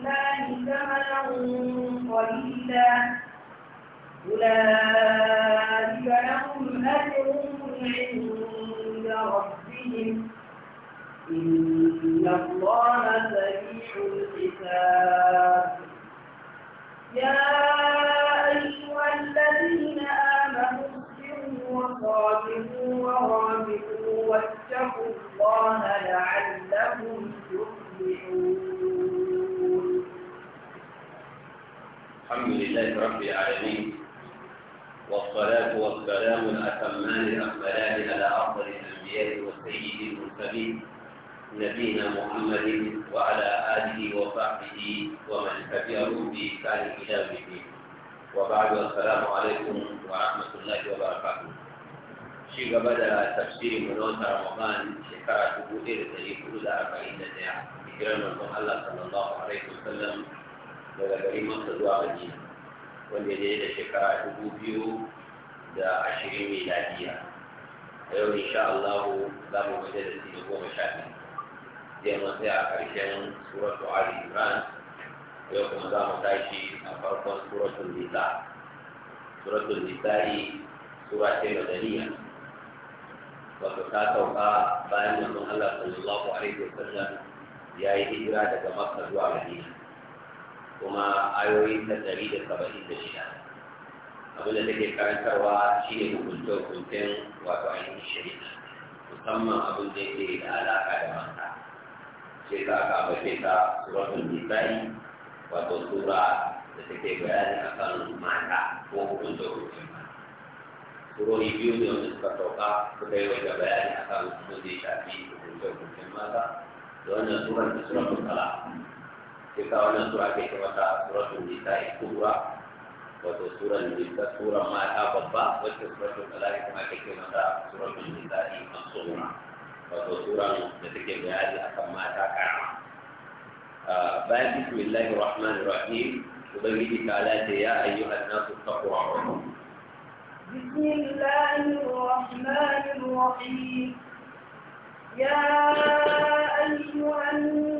لله ثمنا قليلا أولئك لهم أجر عند ربهم إن الله سريع الحساب يا أيها الذين آمنوا اصبروا وصابروا ورابطوا واتقوا الله لعلكم تفلحون الحمد لله رب العالمين والصلاة والسلام الأتمان الأكملان على أفضل الأنبياء والسيد المرسلين نبينا محمد وعلى آله وصحبه ومن تبعهم بإحسان إلى يوم الدين وبعد السلام عليكم ورحمة الله وبركاته شيخ بدأ تفسير منوت رمضان شكرا تقول إلى كل 41 هجرة من الله صلى الله عليه وسلم daga garin masa zuwa madina wanda ya da shekara dubu biyu da ashirin miladiya a yau insha Allah za mu mai da sinu goma sha biyu zai mun sai a ƙarshen suratu ali imran yau kuma za mu tashi a farkon suratul nisa suratul nisa'i sura ce madaniya wato ta sauka bayan manzon Allah sallallahu alaihi wasallam ya yi hijira daga Makka zuwa Madina kuma ayoyin ta ɗari da saba'in da shida abin da take karantarwa shi ne hukunce hukuncen wato ainihin shari'a musamman abin da yake da alaƙa da mata ce ta aka ambace ta suratun nisa'i wato sura da take bayani akan mata ko hukunce hukuncen mata surori biyu ne wanda suka sauka suka yi wata bayani akan abin da ya shafi hukunce hukuncen mata da wannan surar da suratul talaq kita wannan sura ke ce mata suratul nisa'i kubra wato suran nisa suran mata babba wacce suratul talaq kuma ke ce mata suratul nisa'i masura wato suran da take bayani akan mata karama bayan bismillahir rahmanir rahim ubangiji ta'ala ce ya ayyuhan nasu taqu rabbakum بسم الله الرحمن الرحيم يا أيها الناس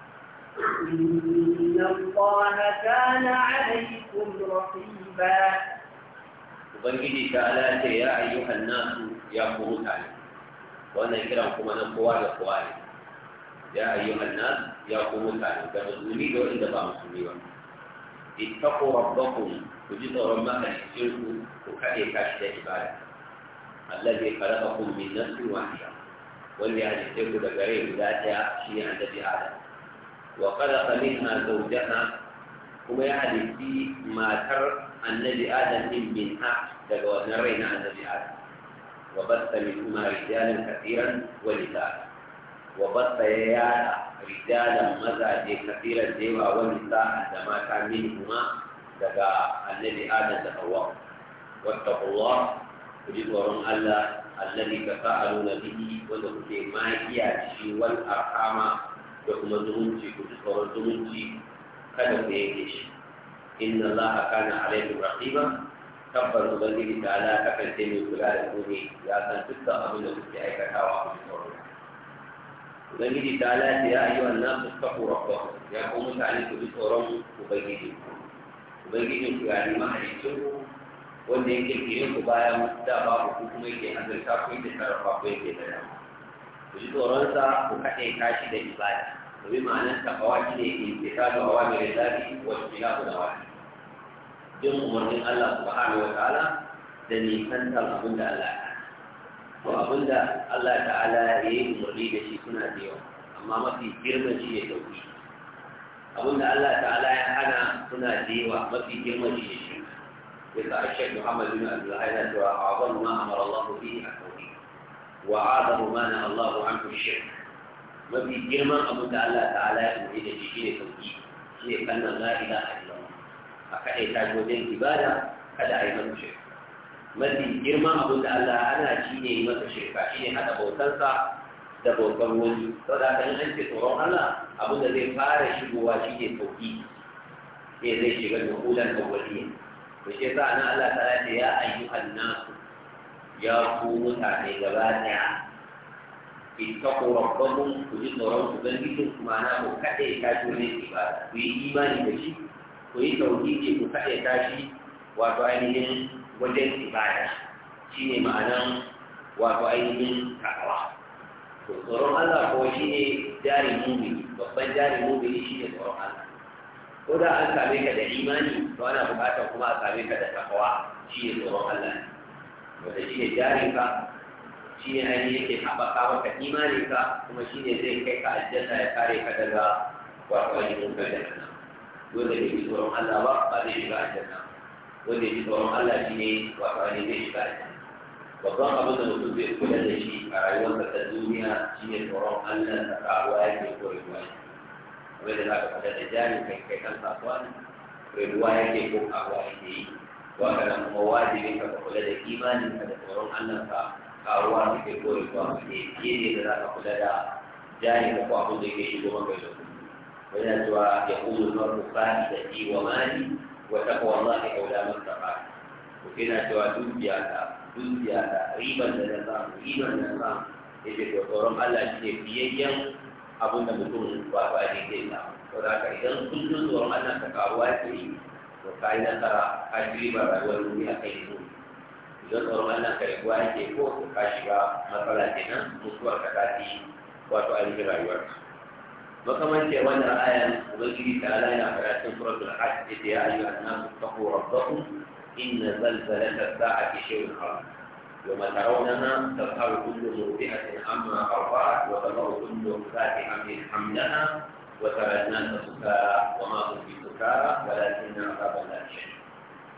إن الله كان عليكم رقيبا Ubangiji ta alace ya ayyukan nasu ya ku mutane, wannan kiran kuma nan kowa da kowa ne, ya ayyukan nasu ya ku mutane, ga musulmi da wanda ba musulmi ba. Ita ko rabbakum ku ji tsoron mahalicinku ku kaɗe shi da ibada. Allah zai karaɓa kun min nafsin wahida, wanda ya halitte ku da gare guda ɗaya shi ne annabi Adam. wa khalaqa minha zawjaha kuma ya halitti matar annabi adam din minha daga wannan rai na annabi adam wa batta min kuma rijalan kathiran wa nisaa wa ya yada rijalan mazaje kathiran da yawa wa da mata min kuma daga annabi adam da hawa wattaqullah ku ji Allah alladhi tasaaluna bihi wanda kuke da kuma zumunci ku ji tsoron zumunci kada ku yanke shi inna a kana alaikum raqiba tabbas ubangiji ta ala ta kalte mai kula da ku ne ya san dukkan abin da kuke aikatawa ku ji tsoron ubangiji ta ala ta ya ayyuhan nasu taqu rabbakum ya ku mutane ku ji tsoron ubangiji ku ubangiji ku ya yi halittun ku wanda yake kirin ku bayan da babu ku kuma yake azurta ku yake sarrafa ku yake da dama ku ji tsoronsa ku kaɗe kashi da ibada domin ma'anar takawa shi ne ke tsaka da hawa mai rizali wa shiga da wani jin umarnin Allah subhanahu wa ta'ala da nisantar abin da Allah ya to abin da Allah ta'ala ya yi umarni da shi suna da yawa amma mafi girman shi ya dauki abin da Allah ta'ala ya hana suna da yawa mafi girman shi ya shi yasa Sheikh Muhammad bin Abdul Hayy da cewa a wannan amara Allah bihi a tauhid Wa وعاده ما نهى الله عنه الشرك mafi girman abin da Allah ta'ala ya ɗauke da jiki shi shine sauki shine kalmar la ilaha illallah a kaɗai ta shi wajen ibada kada a yi masa shirka mafi girman abin da Allah ana shi ne yi masa shirka ne haɗa bautansa da bautan wani saboda haka in an tsoron Allah abu da zai fara shigowa shi shine sauƙi sai zai shiga da hulan awwaliyya to shi yasa nan Allah ta'ala ya ce ya ayyuhan nasu ya ku mutane gaba daya ittaqu rabbakum ku ji tsoron ubangijin ku ma'ana ku kaɗe ta ji ne ibada ku yi imani da shi ku yi ke ku kaɗe ta shi wato ainihin wajen ibada shi ne ma'anan wato ainihin takawa to tsoron Allah ko shi ne jari mumini babban jari mumini shi ne tsoron Allah ko da an same ka da imani to ana buƙatar kuma a same ka da takawa shi ne tsoron Allah ne. wanda shi ne jarinka shi ne ainihin yake haɓaka maka imaninka kuma shi ne zai kai ka aljanna ya kare ka daga wato ainihin ka janna wanda bai ji tsoron Allah ba ba zai shiga aljanna wanda ya ji tsoron Allah shi ne wato ainihin zai shiga aljanna babban abin da mutum zai kula da shi a rayuwarsa ta duniya shi ne tsoron Allah da ƙaruwa yake koyarwa kamar da za ka kula da jarinka kai kan kasuwa ne koyarwa yake ko ƙaruwa yake yi to haka nan kuma wajibi ka kula da imanin ka da tsoron Allah ka karuwa da ke koyi ba ne ne da za ka kula da jani da ko abin da yake shigo maka da kuma yana zuwa ya kulu marku fani da ji wa mali wa taqwa Allah ka wala mustafa to kina cewa dukiya ta dukiya ta riban da za mu riban da za mu yake to tsoron Allah shi ne biyayyen abin da mutum ba ba ne ke Ko saboda ka idan kullum tsoron Allah ka karuwa ke yi to ka yi nasara ka shiri ba rayuwar duniya kai ne idan tsoron Allah ka rabuwa yake ko to ka shiga matsala kenan mutuwar ka ta fi wato ainihin rayuwar makamanci wannan ayan ubangiji ta ala yana karatun suratul hajj ita ya ayyuhan nasu taqu rabbakum inna zalzalata sa'ati shay'un haram يوم ترونها تظهر كل مرضعة عما أرضعت وتضع كل ذات حمل حملها وترى الناس سكارى وما هم الكفار ولكن عذاب الله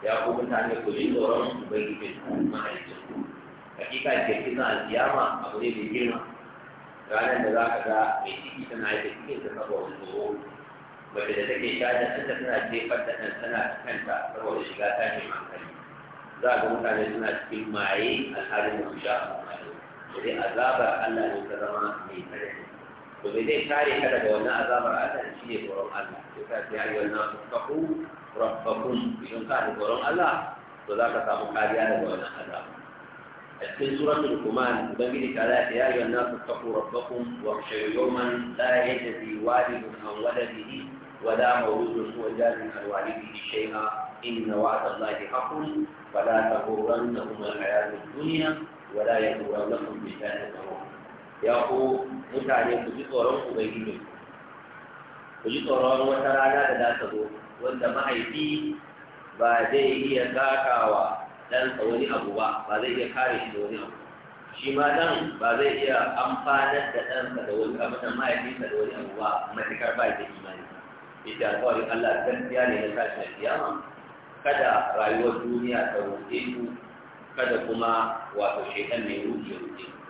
ya ku mutane ku ji tsoron ubangiji mahaifinku hakika ke kisa alkiyama abu ne mai girma ranar da za ka ga mai ciki tana aika cikin ta saboda tsoro wacce da take shayar da ɗanta tana jefar da ɗan tana kanta saboda shiga ta tashin hankali za ga mutane suna cikin maye a alhalin da su sha da dai azabar Allah ne ta zama mai tsanani to me zai kare ka daga wannan azabar Allah shi ne tsoron Allah ya sa sai ayyuka na faku rabbakum idan ka da tsoron Allah to za ka samu kariya daga wannan azaba a cikin suratul kuman ubangiji ta za ta yayyuka na faku rabbakum wa khshayu yawman la yajzi walidun an waladihi ولا مولود هو جاز عن والده شيئا ان وعد الله حق فلا تغرنهم الحياه الدنيا ولا يغرنكم بالله الغرور ya ku mutane ku ji tsoron ubangiji ku ji tsoron wata rana da za ta zo wanda mahaifi ba zai iya dan ɗansa wani abu ba ba zai iya kare shi da wani abu shi ma dan ba zai iya amfanar da ɗansa da wani abu da mahaifinsa da wani abu ba matukar ba da imani ita alƙawarin Allah gaskiya ne na tashin kiyama kada rayuwar duniya ta rufe ku kada kuma wato shekan ne rufe rufe ku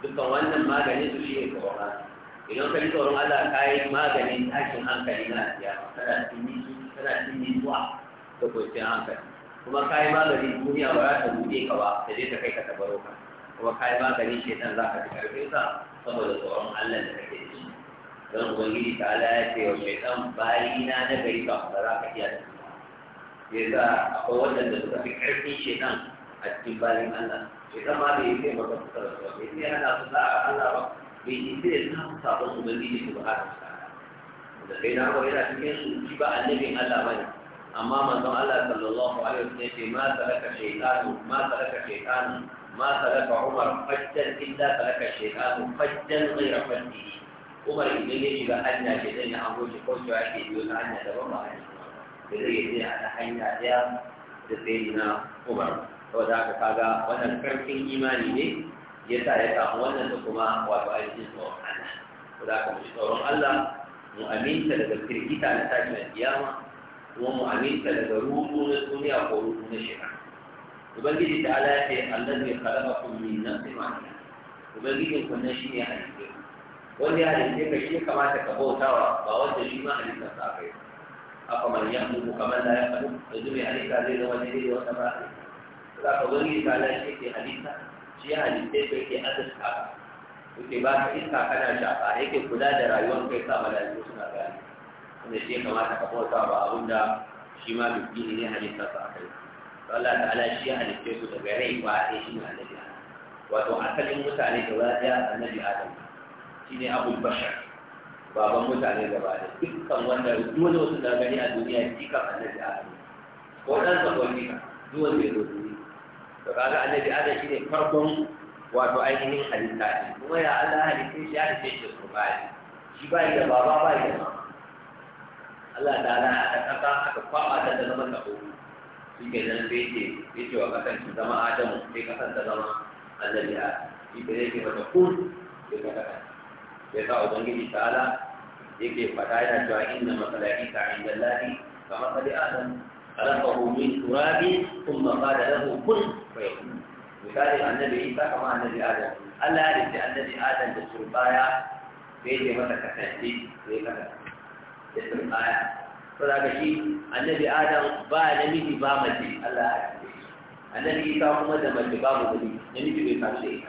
dukkan wannan magani su shi ne tsoron Allah idan ka ji tsoron Allah ka yi maganin tashin hankali na siya kana cikin nisu kana cikin nisuwa da kwanciyar hankali kuma ka yi maganin duniya ba za ta buɗe ka ba da zai ta kai ka tabaro ka kuma ka yi shi shaitan za ka fi karfin sa saboda tsoron Allah da kake da shi don ubangiji ta ala ya ce wa shaitan bayina na gari ba ba za ka iya da su ba yasa akwai waɗanda suka fi karfin shaitan a cikin bayan Allah idan ma bai yi maka fuskar ba yana su za a Allah ba bai yi sai ya samu sabon ubangiji su ba haka da kai na hawa yana cikin su shi ba annabin Allah ba ne amma manzon Allah sallallahu alaihi wasallam ya ce ma salaka shaytanu ma salaka shaytanu ma salaka Umar fajjan illa salaka shaytanu fajjan ghayra fajjihi Umar idan ya shiga hanya ke zai na ango shi ko shi ake biyo ta hanya daban ba hanya da zai yi zai hanya ɗaya da sai na Umar saboda haka kaga wannan karfin imani ne ya sa ya samu wannan da kuma wato aikin tsoron Allah saboda haka mu tsoron Allah mu aminta daga firgita na tashin kiyama kuma mu aminta daga ruhu na duniya ko ruhu na shekara ubangiji ta ala ya ce Allah ne khalaqakum min nafsin wahida ubangijin ku shi ne halitta wanda ya halitta ka shi kamata ka bautawa ba wanda shi ma halitta sa kai haka man mu kamar la yahdu yanzu mai halitta zai zama daidai da wata ba za ka wani tala shi ke halitta shi ya halitta ya ke azurta ka ba ka iska kana shafa yake kula da rayuwar kai sa mala'iku suna gani wanda shi ya kamata ka bauta ba abin da shi ma bibbini ne halitta sa kai to Allah ta'ala shi ya halitta su daga rai ba ake shi ne annabi wato asalin mutane da wajiya annabi Adam shine abul bashar baban mutane ba da dukkan wanda wanda wasu da gani a duniya jikan annabi Adam ko dan sa ko jikan zo ne to kaga annabi adam shine farkon wato ainihin halitta ne kuma ya Allah halitta shi ya halitta shi kurbani shi ba da baba ba da mama Allah ta ala aka kasa aka kwaba ta da zama tabo shi ke nan sai ce sai ce wa kasan ki zama adamu sai kasan ta zama annabi a shi ke yake mata kun sai ka kasa sai ka ubangiji ta ala yake fata yana cewa inna masalaika inda lahi kamar sali adam خلقه من تراب ثم قال له كن فيكون مثال النبي عيسى كما النبي ادم الا ان النبي ادم بالتربايا بيجي متى كتنتي بيجي متى بالتربايا فلا بشي النبي ادم با نميتي با مجي الله النبي عيسى كما ده مجي با مجي نميتي بي فاشي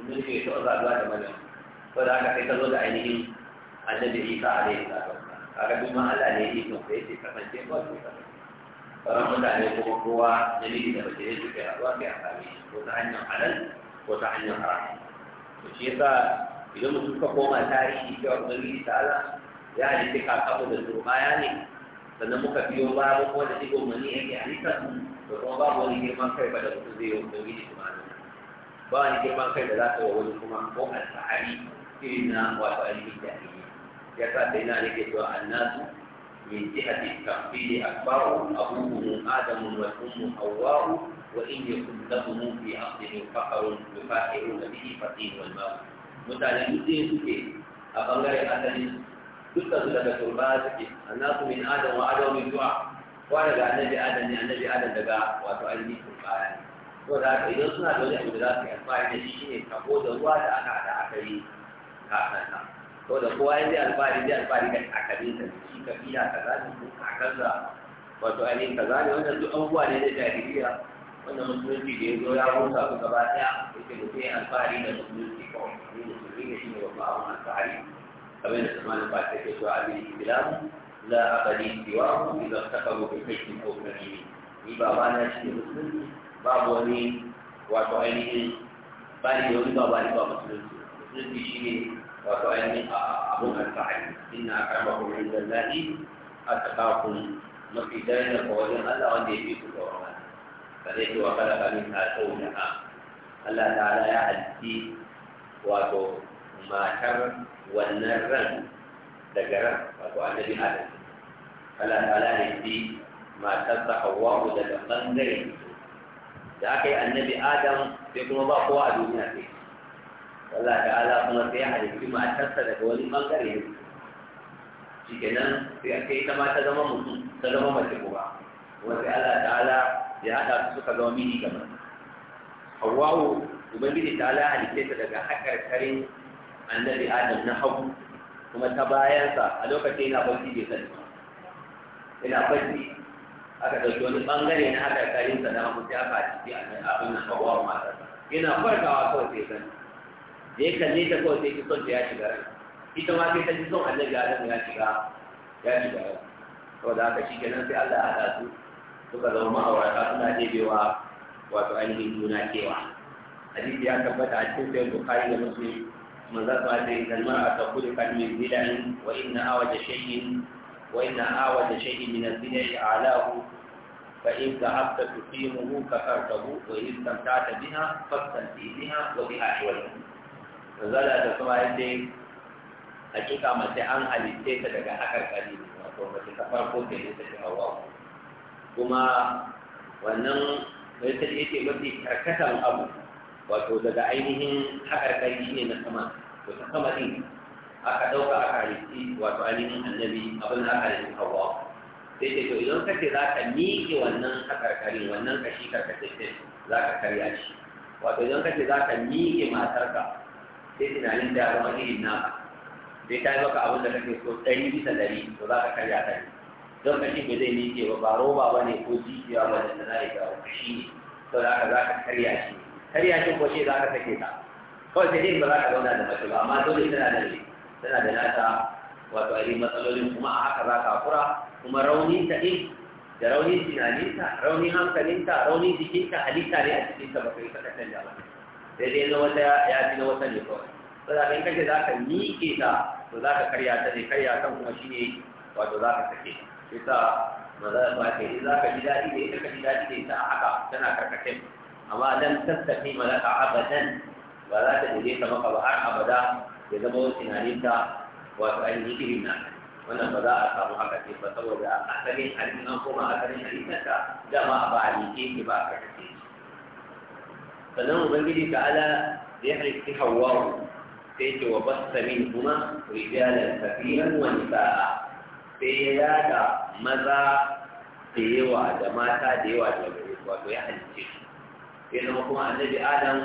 النبي عيسى ذا ذا مجي فلا كتلو ده عينه النبي عيسى عليه الصلاه والسلام هذا بما الله عليه يكون في كتنتي sauran mutane kuma kowa namiji da mace ne suke haɗuwa sai a same shi ko ta hanyar halal ko ta hanyar haram to shi yasa idan mutum ka koma tarihi cewa ubangiji ta'ala ya halitta kakamu da turbaya ne sannan muka biyo ya ko da digon mani yake halitta to kuma babu wani girman kai ba da mutum zai yi wa ubangiji subhanahu ba wani girman kai da za ka yi wa wani kuma ko alfahari irin na wato ainihin jahiliya ya sa sai na nake cewa annasu من جهة التقبيل أكبرهم أبوهم آدم والأم حواء وإن يكن لهم في أصلهم فقر يفاخرون به فقير والماء mutane duk suke a bangaren asali dukkan daga turba suke annasu min adam wa adam min du'a wa daga annabi adam ne annabi adam daga wato ainihin turba ne da haka idan suna da wani da za su yi shi da ruwa da aka haɗa aka ko da kowa ya zai alfahari zai alfahari ga kakannin sa shi kabila kaza ne ko kakansa wato ainihin kaza ne wannan duk abubuwa ne da jahiliya wannan musulunci da ya zo ya rusa su gaba ɗaya ce mutum ya alfahari da musulunci ko ni musulmi ne shi ne babba abun alfahari kamar da zamanin ba ta ke zuwa abin islam la abadi siwahu idan takaru bi kaitin ko karimi ni baba na shi ne musulunci. babu wani wato ainihin ba ni da wani baba ni ba musulunci musulunci shi ne wato ainihin abun alfahari inna akramakum inda Allahi atqakum mafi darajar ga wajen Allah wanda ya fi ku tsoron Allah kada yake wa kala kamin ta tsauna Allah ta'ala ya halitti wato matar wannan ran daga ran wato annabi Adam Allah ta'ala ya halitti matar sa Hawwa daga bangare da aka yi annabi Adam sai kuma ba kowa a duniya sai Allah ta'ala kuma sai ya halitti matarsa daga wani bangare shi kenan sai aka yi ta ta zama mutum ta zama mace kuma kuma sai Allah ta'ala ya hada su suka zama mini kamar Hawwa'u Ubangiji ta'ala halitte ta daga haƙarƙarin annabi Adam na hagu kuma ta bayansa a lokacin yana barci bai sani ba yana barci aka ɗauki wani bangare na haƙarƙarinsa na hagu sai aka ciki a abin na Hawwa'u matarsa yana farkawa kawai sai sani da ya kalle ta kawai sai son ta ya shiga rai ita ma sai ta ji son annabi adam ya shiga ya shiga rai saboda haka shi kenan sai Allah ya haɗa su suka zama ma'aurata suna ɗebewa wato ainihin juna kewa hadisi ya tabbata a cikin sayar bukari da muslim manzan sa da idan mara ta kudu kan min bidan wa inna awaja shay'in wa inna awaja shay'in min al-bidai alahu fa in dhahabta tuqimuhu kafartahu wa in istamta'ta biha fastamti biha wa biha iwalahu zala da kuma yadda hakika mace an halitte ta daga hakarkari wato mace ta farko ke ne ta fi hawa kuma wannan mai ta ce mafi karkatar abu wato daga ainihin hakarkari shi ne na sama to ta sama din aka ɗauka a halitti wato ainihin annabi abin da aka halitti hawa sai ce to idan ka ce za ka miƙe wannan hakarkarin wannan kashi karkace za ka karya shi wato idan ka ce za ka miƙe matarka sai tunanin da wani irin na sai ta yi maka abin da kake so ɗari bisa ɗari to za ka karya ta ne don kashin ba zai miƙe ba ba roba ba ne ko jijiya ba da na yi ba shi ne to za ka za ka karya shi karya shi ko shi za ka sake ta kawai sai dai ba za ka zauna da mace ba amma dole tana da ne tana da nata wato a yi matsalolin kuma a haka za ka kura kuma rauni ta ɗin da raunin tunaninta raunin hankalinta raunin jikinta halitta ne a cikinta ba ka yi saka canja ba sai dai na wata ya fi na wata ne kawai saboda in kace za ka miƙe ta to za ka karya ta ne karya kan kuma shi ne wato za ka sake shi sa maza ba ke in za ka ji daɗi da ita ka ji daɗi da ita a haka tana karkashin amma dan tattafi malaka abadan ba za ta dole ta maka ba har abada ya zama wani tunanin ta wato ainihin irin na wannan ba za a samu haka ce ba saboda asalin halin an koma asalin halin ta dama ba a yi ke ba a karkashin sannan ubangiji ta'ala ala ya halitti hawawu sai ce wa basta min kuma rijalan kafiran wa nisa'a sai ya yada maza da yawa da mata da yawa da gare su wato ya halitte sai zama kuma annabi adam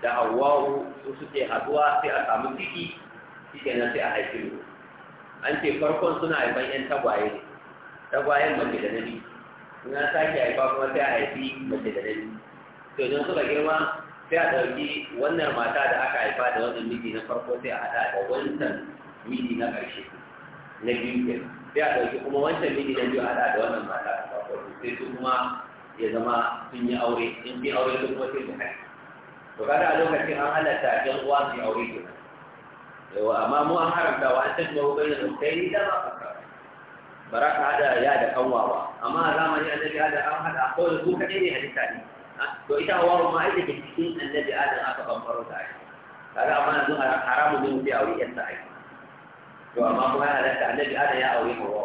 da hawa su suke haduwa sai a samu ciki shi na sai a haifi an ce farkon suna haifan 'yan tagwaye tagwayen mace da nabi suna sake haifa kuma sai a haifi mace da nabi to don suka girma sai a ɗauki wannan mata da aka haifa da wannan miji na farko sai a haɗa da wancan miji na ƙarshe na biyu ke sai a ɗauki kuma wancan miji na biyu a haɗa da wannan mata da farko sai su kuma ya zama sun yi aure in bi aure su kuma sai su haɗa to kada a lokacin an halatta yan uwa su yi aure ke yawa amma mu an haramta wa an tashi yau bayyana da sai ni dama ba za ka haɗa ya da kanwa ba amma a zamani an tashi haɗa an haɗa kawai su kaɗai ne halitta ne to ita hawa ma ita ke cikin annabi adam aka bambaro ta ai kaga amma yanzu haramun ne mutum ya aure yarsa ai to amma kuma yana da annabi adam ya aure hawa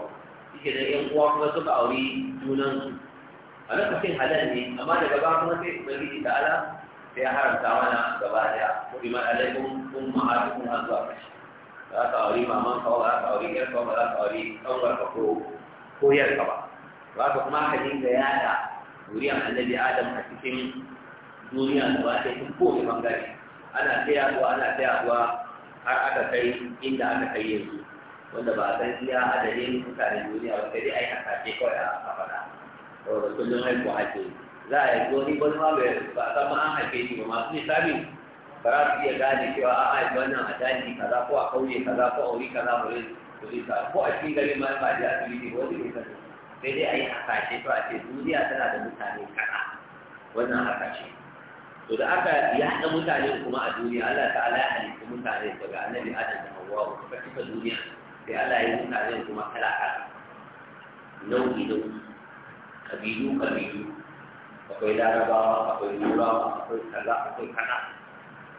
yake da yan uwa kuma suka aure junan su a lokacin halal ne amma daga ba kuma sai ubangiji da ala sai ya haramta mana gaba daya ko iman alaikum ummahatukum har zuwa kashi za ka aure maman ka ba za ka aure yar ka ba za ka aure kanwar ka ko ko yar ka ba za ka kuma ka dinga yada zuriyar annabi adam a cikin duniya da ba ta cikin kowane bangare ana kuwa ana kuwa har aka kai inda aka kai yanzu wanda ba a san iya adadin mutanen duniya ba sai dai a yi ce kawai a kafada saboda kullum haihuwa ake za a yi wani wani ma bai ba a san ma an haife shi ba masu sami ba za su iya gane cewa a haifi wannan a daji kaza ko a kauye kaza ko a wuri kaza ba zai ko a cikin gari ma ba a a asibiti ba wani bai sani sai dai a yi hasashe to a ce duniya tana da mutane kaɗa wannan hasashe to da aka yaɗa mutane kuma a duniya Allah ta'ala ya halitta mutane daga annabi Adam da Hawwa suka cika duniya sai Allah ya yi mutane kuma kala kala nau'i nau'i kabilu kabilu akwai larabawa akwai turawa akwai kaza akwai kana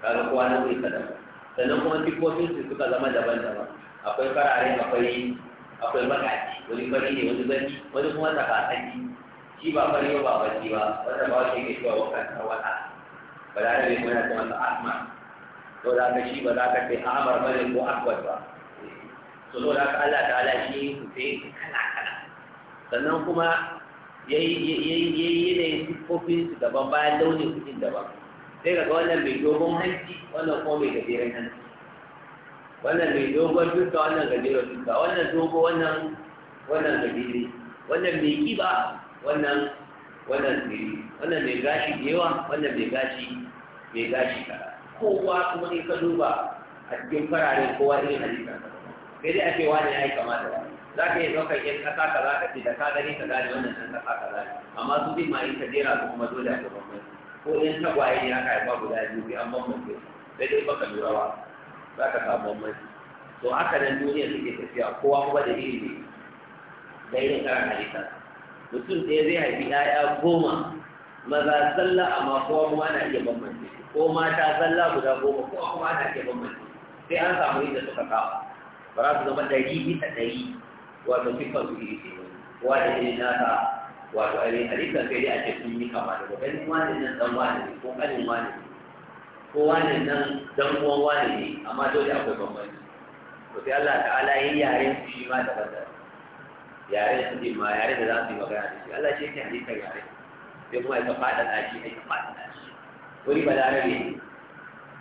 kaga kowa nau'i kaza sannan kuma sifofin su suka zama daban-daban akwai farare akwai akwai makaci wani baki ne wani bani wani kuma tsakatsaki shi ba fari ba baki ba wanda ba wani yake cewa wakan tsawata ba da ne muna ta masa asma to da ka shi ba za ka ce amar bane ko akwai ba to to da ka Allah ta ala shi kufe kana kana sannan kuma yayi yanayin siffofin su daban bayan launin kuɗin daban sai ka ga wannan mai dogon hanci wannan kuma mai gajeren hanci wannan mai dogon duka wannan gajeren duka wannan dogo wannan wannan gajere wannan mai kiba wannan wannan tsiri wannan mai gashi da yawa wannan mai gashi mai gashi kala kowa kuma ne ka duba a cikin fararen kowa irin halitta sai dai a ce wani ya yi kama da wani za ka iya ɗaukar yin ƙasa ka za ka ce da ka gani ka gane wannan ɗan ƙasa ka za amma su bi ma in ka jera su kuma dole a bambanci ko in tagwaye ne aka haifa guda biyu bi an bambance sai dai baka lura ba za ka samu mai to haka nan duniya suke tafiya kowa kuma da ilimi da irin karan halitta mutum ɗaya zai haifi ƴaƴa goma maza sallah amma kowa kuma ana iya bambance ko mata sallah guda goma kowa kuma ana iya bambance sai an samu inda suka kawo ba za su zama ɗari bisa ɗari wato siffar su iri ce kowa da irin nasa wato ainihin halittar sai dai a ce sun yi kama da ɗan wani nan ɗan wani ne ko ƙanin wani ne Ko ne nan dan uwan wani ne amma dole akwai bambanci to sai Allah ta'ala yi yaren su shi ma da bazar yaren su ma yaren da za su yi magana da shi Allah shi yake halittar yaren sai kuma ya faɗa da shi ya faɗa da shi wani balarabe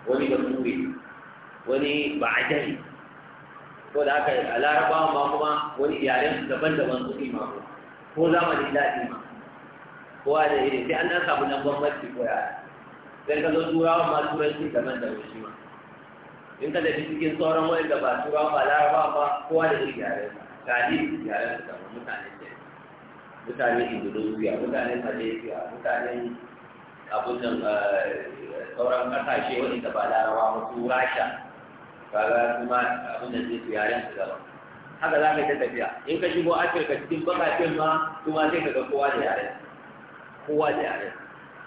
wani bature wani ajali ko da haka a larabawa ma kuma wani yaren su daban-daban su ma ko zamanin daɗi ma kowa da irin sai an ɗan samu nan bambanci ko yaren sai ka zo turawa ma turanci daban da wani ma in ka tafi cikin sauran wanda ba turawa ba laraba ba kowa da shi yaren sa tali yaren su kamar mutane ke mutanen indonesia mutanen malaysia mutanen abun nan eh, sauran kasashe wanda ba laraba ba su rasha kaga kuma abun nan zai su yaren su daban haka za ka ta tafiya in ka shigo afirka cikin baka bakatin ma kuma sai ka ga kowa da yaren kowa da yaren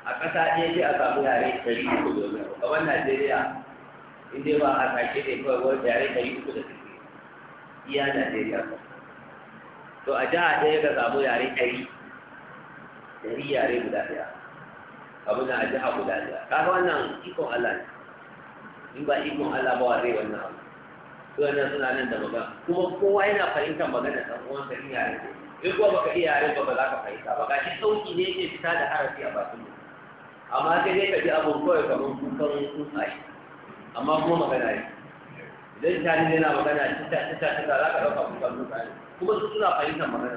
a ƙasa ɗaya sai a samu yare ɗari uku da wani abu kamar najeriya in dai ba a sake ne kawai wani yare ɗari uku da suke iya najeriya to a jiha ɗaya ka samu yare ɗari ɗari yare guda ɗaya abu na a jiha guda ɗaya kaga wannan ikon allah ne in ba ikon allah ba wa zai wannan abu to wannan suna nan da magana kuma kowa yana fahimtar magana ɗan uwansa in yare ne in kuwa baka iya yare ba ba za ka fahimta ba shi sauki ne ke fita da harafi a bakin mutum amma sai dai ka ji abun kawai kamar kukan tsuntsaye amma kuma magana ne idan ta ne yana magana cita cita cita za ka ɗauka kukan tsuntsaye kuma su suna fahimtar magana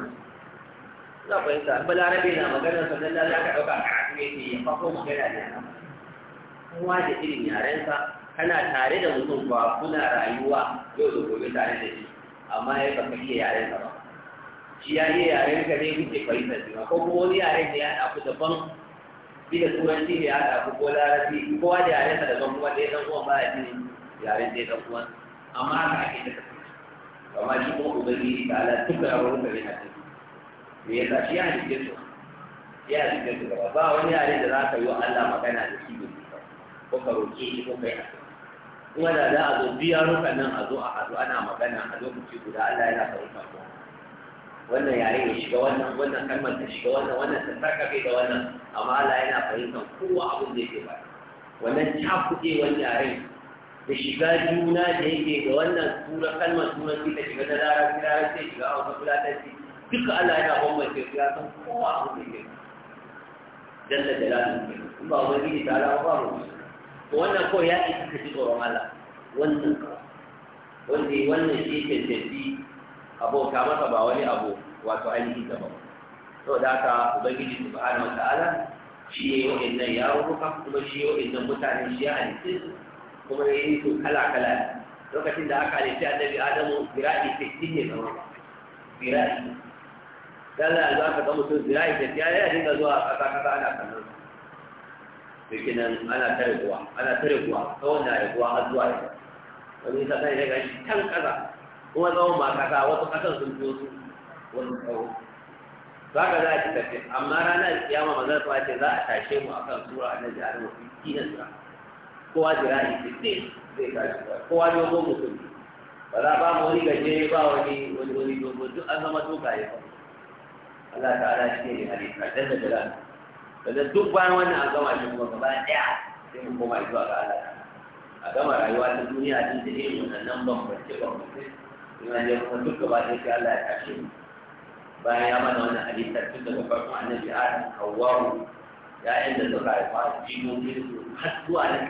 suna fahimta in balarabe na magana sannan da za ka ɗauka karatu ne ke ya fako magana ne a kowa da irin yarensa kana tare da mutum ba kuna rayuwa yau da gobe tare da shi amma ya ka iya yarensa ba shi ya iya yarenka ne kuke fahimtar ba ko kuma wani yaren da ya haɗa ku daban shi da turanci ne ya tafi ko larabci kowa da yaren da zan kuma ɗaya zan kuma ba ya ji yaren ɗaya zan kuma amma haka ake da kasu amma shi kuma ubangiji ta ala duka ya wani kare na ciki me ya sa shi ya halitta su ya halitta su gaba ba wani yare da za ka yi wa Allah magana da shi ne ko ka roƙe shi ko ka yi kuma da za a zo biya rukan nan a zo a haɗu ana magana a lokaci guda Allah yana karɓar wannan yare ya shiga wannan wannan kalmar ta shiga wannan wannan ta kai da wannan amma Allah yana fahimtar kowa abin da yake ba wannan wani yaren da shiga juna da yake da wannan tura kalmar sai ta shiga da larabci sai shiga a wasu fulatanci duka Allah yana bambance su ya san kowa abin da yake jalla jalaluhu in ba ubangiji ta ala ba mu to wannan ko ya isa ka ji tsoron Allah wannan wanda wannan shi ke tafi abota masa ba wani abu wato ainihin da ba to da haka ubangiji subhanahu wataala shi ya yi wa'annan yarurruka kuma shi ya wa'annan mutane shi ya halitta kuma ya yi su kala kala lokacin da aka halitta annabi adamu biradi sittin ne zama Biradi. dala yanzu aka ga mutum biradi sittin ya yi dinga zuwa kasa kasa ana kallon su kenan ana tare kuwa ana tare kuwa kawai na kuwa har zuwa wani ta kai daga shi can kaza kuma tsawon wọn kasa wasu kasan sun fi wasu wani tsawo za a ci náà amma ranar kiyama manzon sa ti za a tashe mu akan sura annabi adamu na sura kowa jira'i 15 zai tashi kowa ne ko bi. ba za ba mu wani gaje ba wani wani wani dogo an zama dogaye ba Allah ta'ala shi ne ni dan da jira dan duk bayan wannan an gama shi ma gaba sai zuwa ga Allah a gama rayuwa ta duniya din da irin wannan ina je kuma duk gaba ɗaya sai Allah ya tashe mu bayan ya mana wannan halitta tun daga farkon annabi a Hawwa ya'yan da suka haifa jikokin su har zuwa na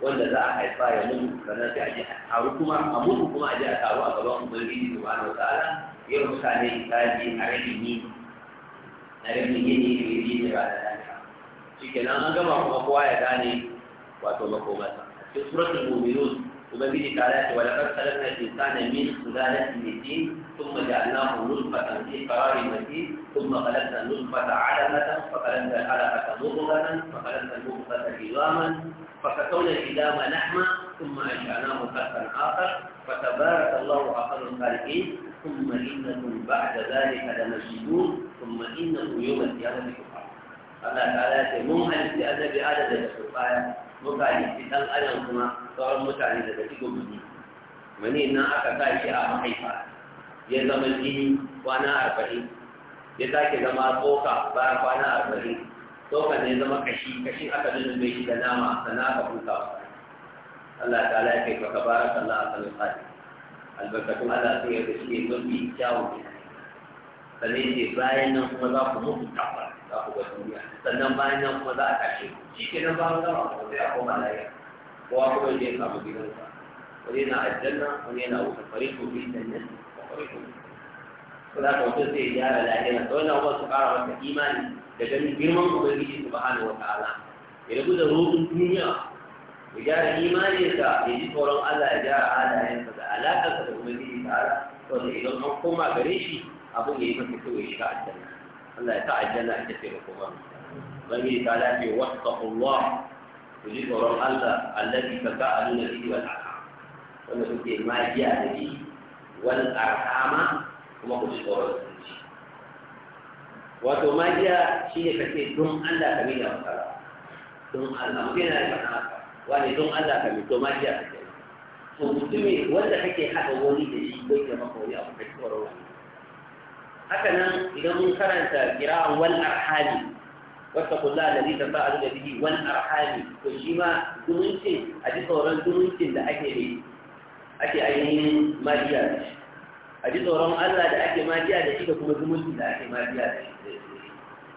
wanda za a haifa ya mutu sannan sai a je a taru kuma a mutu kuma a je a taru a gaban ubangiji subhanahu wataala yau mutane hisabi a rabin yini a rabin yini da yini da da lafiya shi kenan an gama kuma kowa ya gane wato makomarsa a cikin mu'minun وبنجي تعالى ولقد خلقنا الانسان من سلاله من طين ثم جعلناه نطفه في قرار مكين ثم خلقنا النطفه علقه فخلقنا العلقه مضغه فخلقنا المضغه عظاما فكسونا العظام لحما ثم انشاناه خلقا اخر فتبارك الله اخر الخالقين ثم انكم بعد ذلك لمسجدون ثم انه يوم القيامه كفار الله تعالى يقول مو هل في ادم muka halitti ɗan adam kuma sauran mutane daga cikin mani mani nan aka sa shi a mahaifa ya zama jini kwana arba'in ya sake zama tsoka bayan kwana arba'in tsoka ne zama kashi kashi aka nuna mai shi da nama sannan aka huta Allah ta ala ya kai baka bara sallah a sanin fadi albarkatun Allah sun yarda shi ne mafi kyawun sannan ce bayan nan kuma za ku mutu tabbata za ku ga duniya sannan bayan nan kuma za a tashi shi ke nan bayan gama ko sai a koma lafiya kowa kuma zai samu gidansa wani yana aljanna wani yana wuta fari ko bi sannan ko fari ko bi ko za ka wuta sai ya gyara lafiya da wannan abubuwan su ƙara masa imani da ganin girman ubangiji subhanahu wa ta'ala ya rabu da roƙin duniya ya gyara imaninsa ya ji tsoron Allah ya gyara halayensa da alaƙarsa da ubangiji ta'ala wanda idan an koma gare shi abin ya yi masa kyau ya shiga aljanna Allah ya sa aljanna ita ce makoma bangi ta lafi wattaqullah ku ji tsoron Allah allazi ka ta'aluna bihi wal arham wanda kuke magiya da shi wal arhama kuma ku ji tsoron shi wato magiya shine kace don Allah ka bi da don Allah mutum yana da haka wani don Allah ka bi to magiya kake to mutumin wanda kake haɗa wani da shi bai da maka wani abu kai tsoron wani haka nan idan mun karanta kira'an wal arhali wata kula da ni zai tafa a zuga bihi wal arhali to shi ma zumunci a ji tsoron zumuncin da ake ne ake ainihin majiya da shi a ji tsoron Allah da ake majiya da shi da kuma zumuncin da ake majiya da shi sai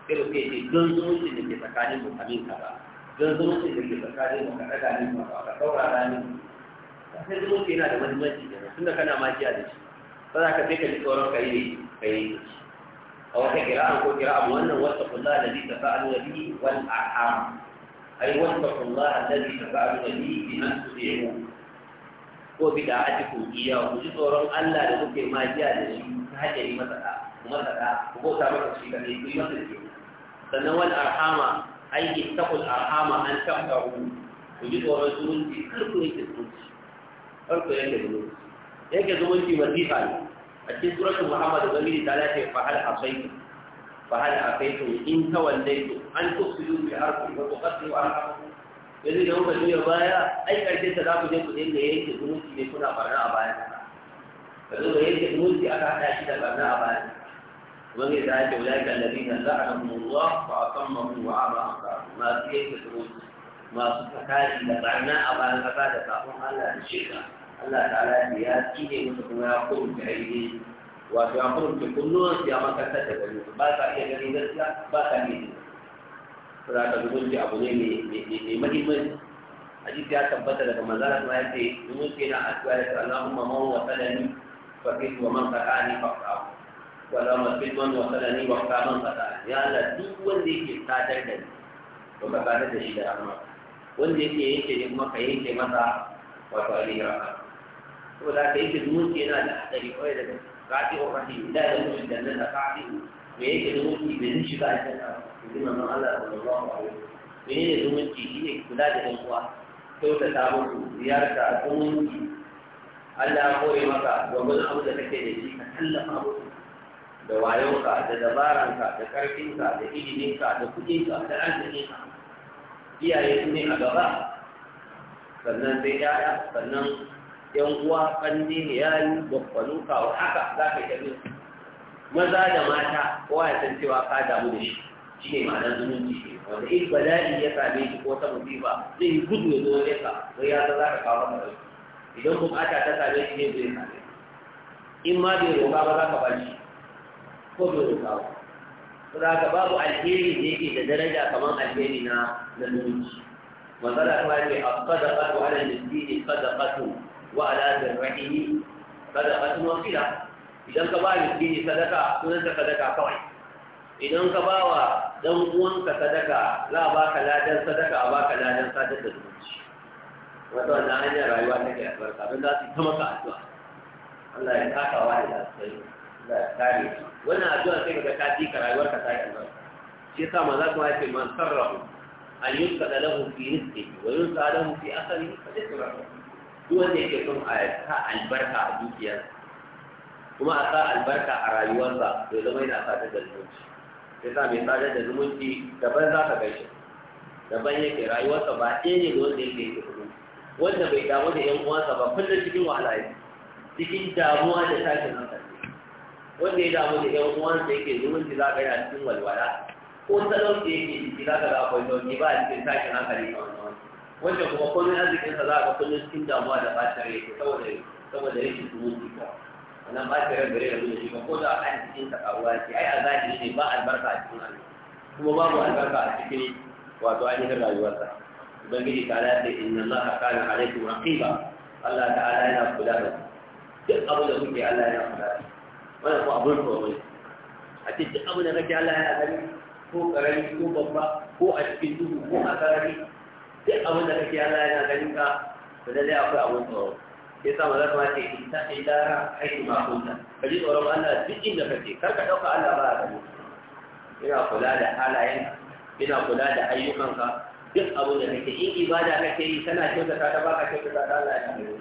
da kai ce don zumuncin da ke tsakanin mu kamin ka ba don zumuncin da ke tsakanin mu ka ɗaga min ba ka saurara min sai zumunci yana da mahimmanci kenan tunda kana majiya da shi ba za ka tsoron ka yi ka yi a wata kira'a ko kira'a wannan wata kula da zai tafi an nabi wal ai wata da an su ko bi da aji ku iya ku ji tsoron Allah da kuke magiya da shi ta hanyar yi masa da kuma ta da ku bauta masa shi kadai ku yi masa da sannan wal arhama ai ittaqul arhama an tabtahu ku ji tsoron zumunci kar ku yi zumunci kar ku yanke zumunci yake zumunci wasifa ne a cikin suratul muhammad ubangiji ta lafiya fa hal asaitu fa hal asaitu in tawallaitu an tufsidu bi ardi wa tuqaddu arhamakum yanzu da kuka juya baya ai karshe ta za ku je ku dinga yanke zumunci ne kuna barna a baya ka zo da yanke zumunci aka hada shi da barna a baya ubangiji ta lafiya ulai kan ladina la'anahumullah fa atammahum wa a'ma absarahum ma su yanke zumunci masu tsakari da barna a bayan kasa da sabon Allah da shirka Allah ta'ala ya tsine musu kuma ya kurumta ainihin wato ya kurumta kunnuwan ya makantar da gani ba ka iya gani gaskiya ba ka abu ne mai mahimmanci hadisi ya tabbata daga manzara kuma ya ce zumunci na addu'a ya Allahumma man wasalani fa fi wa man qata'ani fa qata'u wala ma fi man wa qata man ya Allah wanda da ni to ka tsadar da shi da rahama wanda yake yake ne kuma ka yanke masa wato alihi rahama saboda haka yake zumunci yana da hatsari kawai daga kafi wa kafi da da mutum da nan da kafi me yake zumunci da yin shiga a cikin abin manzon Allah sallallahu alaihi wasallam me ne zumunci ne kula da ɗan uwa kyautata musu ziyarta zumunci Allah ya koyi maka gwamnan abu da kake da shi ka tallafa musu da wayonka da dabaranka da ƙarfinka da iliminka da kuɗinka da arzikinka iyaye su ne a gaba sannan sai yaya sannan yan uwa ne ya yi bakkanu kawo haka za ka yi biyu maza da mata kowa ya san cewa ka damu da shi shi ne ma'anar zumunci ne wanda in bala'i ya same shi ko ta ba. zai yi gudu ya zo ya ka sai ya za ka kawo masa rai idan bukata ta same shi ne zai same in ma bai roƙa ba za ka ba shi ko bai roƙa ba saboda babu alheri da yake da daraja kamar alheri na na zumunci matsala ta ce a sadaqatu ala al kada sadaqatu wa ala zarrahihi sadaqatun wasila idan ka ba miskini sadaka sunanta sadaka kawai idan ka dan uwanka sadaka za a baka ladan sadaka a baka hanyar rayuwa ta ke albarka don za su ta maka addu'a Allah ya takawa da lasai da kare wannan addu'a sai ka ga ta ka rayuwar ka ta yi albarka shi yasa maza kuma ya man sarrafu an yusqa lahu fi rizqihi wa yusqa lahu fi asalihi fa duk wanda yake son a sa albarka a dukiyar kuma a sa albarka a rayuwarsa to zama yana sadar da zumunci sai sa mai sadar da zumunci daban za ka gaishe daban yake rayuwarsa ba ɗaya ne da wanda yake yake kudu wanda bai damu da yan uwansa ba kullum cikin wahala yake cikin damuwa da tashin hankali wanda ya damu da yan uwansa yake zumunci za ka a cikin walwala ko talauci yake ciki za ka ga akwai sauki ba a cikin tashin hankali kawai wanda kuma komai arzikin sa za a ga kullum cikin damuwa da bacin rai to saboda saboda rashin zumunci ko wannan bacin rai bare da mu shi ba ko da an cikin ta karuwa ce ai a zahiri ne ba albarka a cikin arziki kuma babu albarka a cikin wato ainihin rayuwarsa ubangiji ta ala sai inna allaha kana alaikum raqiba allah ta'ala yana kula da duk abin da kuke allah yana kula da wannan ko abin tsoro ne a cikin duk abin da kake allah yana gani ko karami ko babba ko a cikin duhu ko a karami duk abin da kake Allah yana ganin ka da lallai akwai abun tsoro sai sa maza kuma ce ita idara aiki ma kunta ka ji tsoron Allah duk inda kake kar ka ɗauka Allah ba ya gani ina kula da halayen ina kula da ayyukanka duk abin da kake in ibada kake yi kana kyautata ta baka kyautata ta Allah yana gani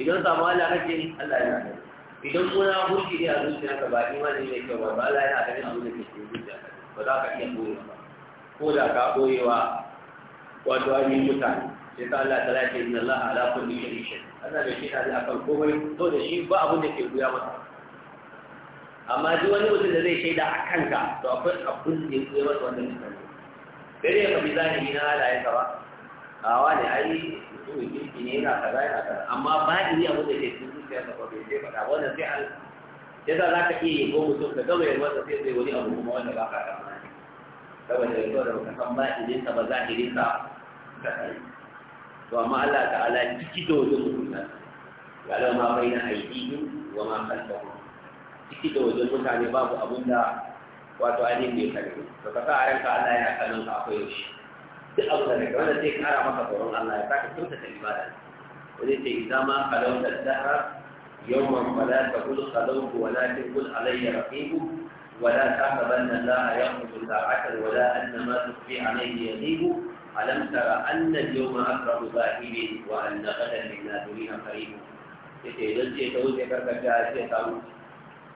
idan samu Allah kake yi Allah yana gani idan muna hulki ne a ka ba imani ne kyau ba Allah yana ganin abin da kake yi, ba za ka iya koyewa ba ko da ka koyewa wato ainihin mutane sai ta Allah ta lafiya inna Allah ala kulli shay'in shay'in Allah bai shi da akan komai to da shi ba abin da ke buya masa amma duk wani mutum da zai shaida a kanka to akwai abin da ya buya masa wannan mutum dare ya faɗi zahiri na halayen ka ba a wani ai mutumin kirki ne yana kaza yana kaza amma ba ni abin da ke cikin zuciya ka ba bai sai faɗa wannan sai al yasa za ka iya yi ko mutum ka gama yin wanda sai zai wani abu kuma wanda ba ka kama saboda ya zo da baka san baɗininsa ba zahirinsa da kai to amma Allah ta'ala ciki da wajen mutuna ya lau ma bai na aikihin wa ma kalfahu ciki da wajen mutane babu abun da wato ainihin bai kare to ka sa a ranka Allah yana kallon ka akwai yaushe duk abu da daga wanda zai kara maka tsoron Allah ya saka kyautata ibada wani ce idan ma kalau da dahar yawman fala ta kul kalau walakin kul alayya raqibu ولا تحسبن الله يأخذ ساعة ولا أن ما تخفي عليه يغيب ألم ترى أن اليوم أكرم ظاهر وأن غدا للناظرين قريب yace idan ce ta wuce karkata ce ta wuce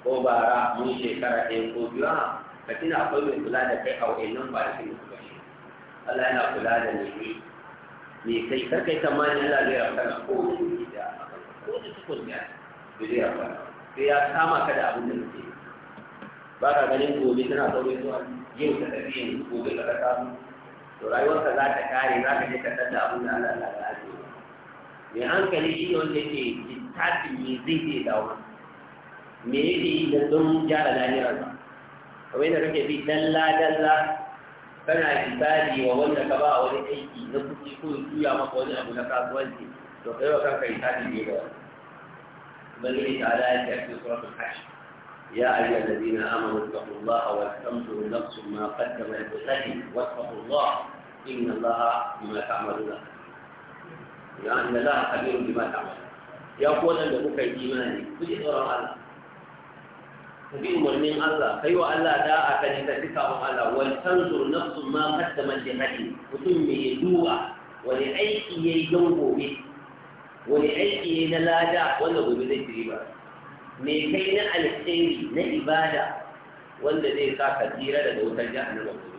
ko bara mun shekara ɗaya ko biyu a ka tuna akwai mai kula da kai a wa'annan kwanakin da suka shi Allah yana kula da ni ne kai ta tamanin Allah zai rafta ko wani gida ko wani sukun ya zai rafta sai ya kama ka da abin da kake ba ka ganin gobe tana saurin zuwa yin ka tafi yin gobe ka ta samu to rayuwarka za ta kare za ka je ka tsada abin da Allah ya lafi mai hankali shi ne wanda yake littafi me zai zai dawo me yake yi da don gyara ba kamar yadda kake bi dalla dalla kana hisabi wa wanda ka ba wani aiki na kuɗi ko juya maka wani abu na kasuwanci to kai wa kanka tafi ne da wani ubangiji ta ala ya cikin suratul hashim يا أيها الذين آمنوا اتقوا الله ولتنظر نفس ما قدم لكم واتقوا الله إن الله بما تعملون يعني إن الله خبير بما تعملون يا أخوانا لك الإيمان كل إقرار الله كبير مؤمن الله فيو أيوة الله داء أكد تتكع الله ولتنظر نفس ما قدمت لغد وتمه دوء ولأي يجوب به لا ينلاجع ولا بذلك ربا Mai kai na alkhairi na ibada wanda zai sa ka tsira daga wutar jahannama gobe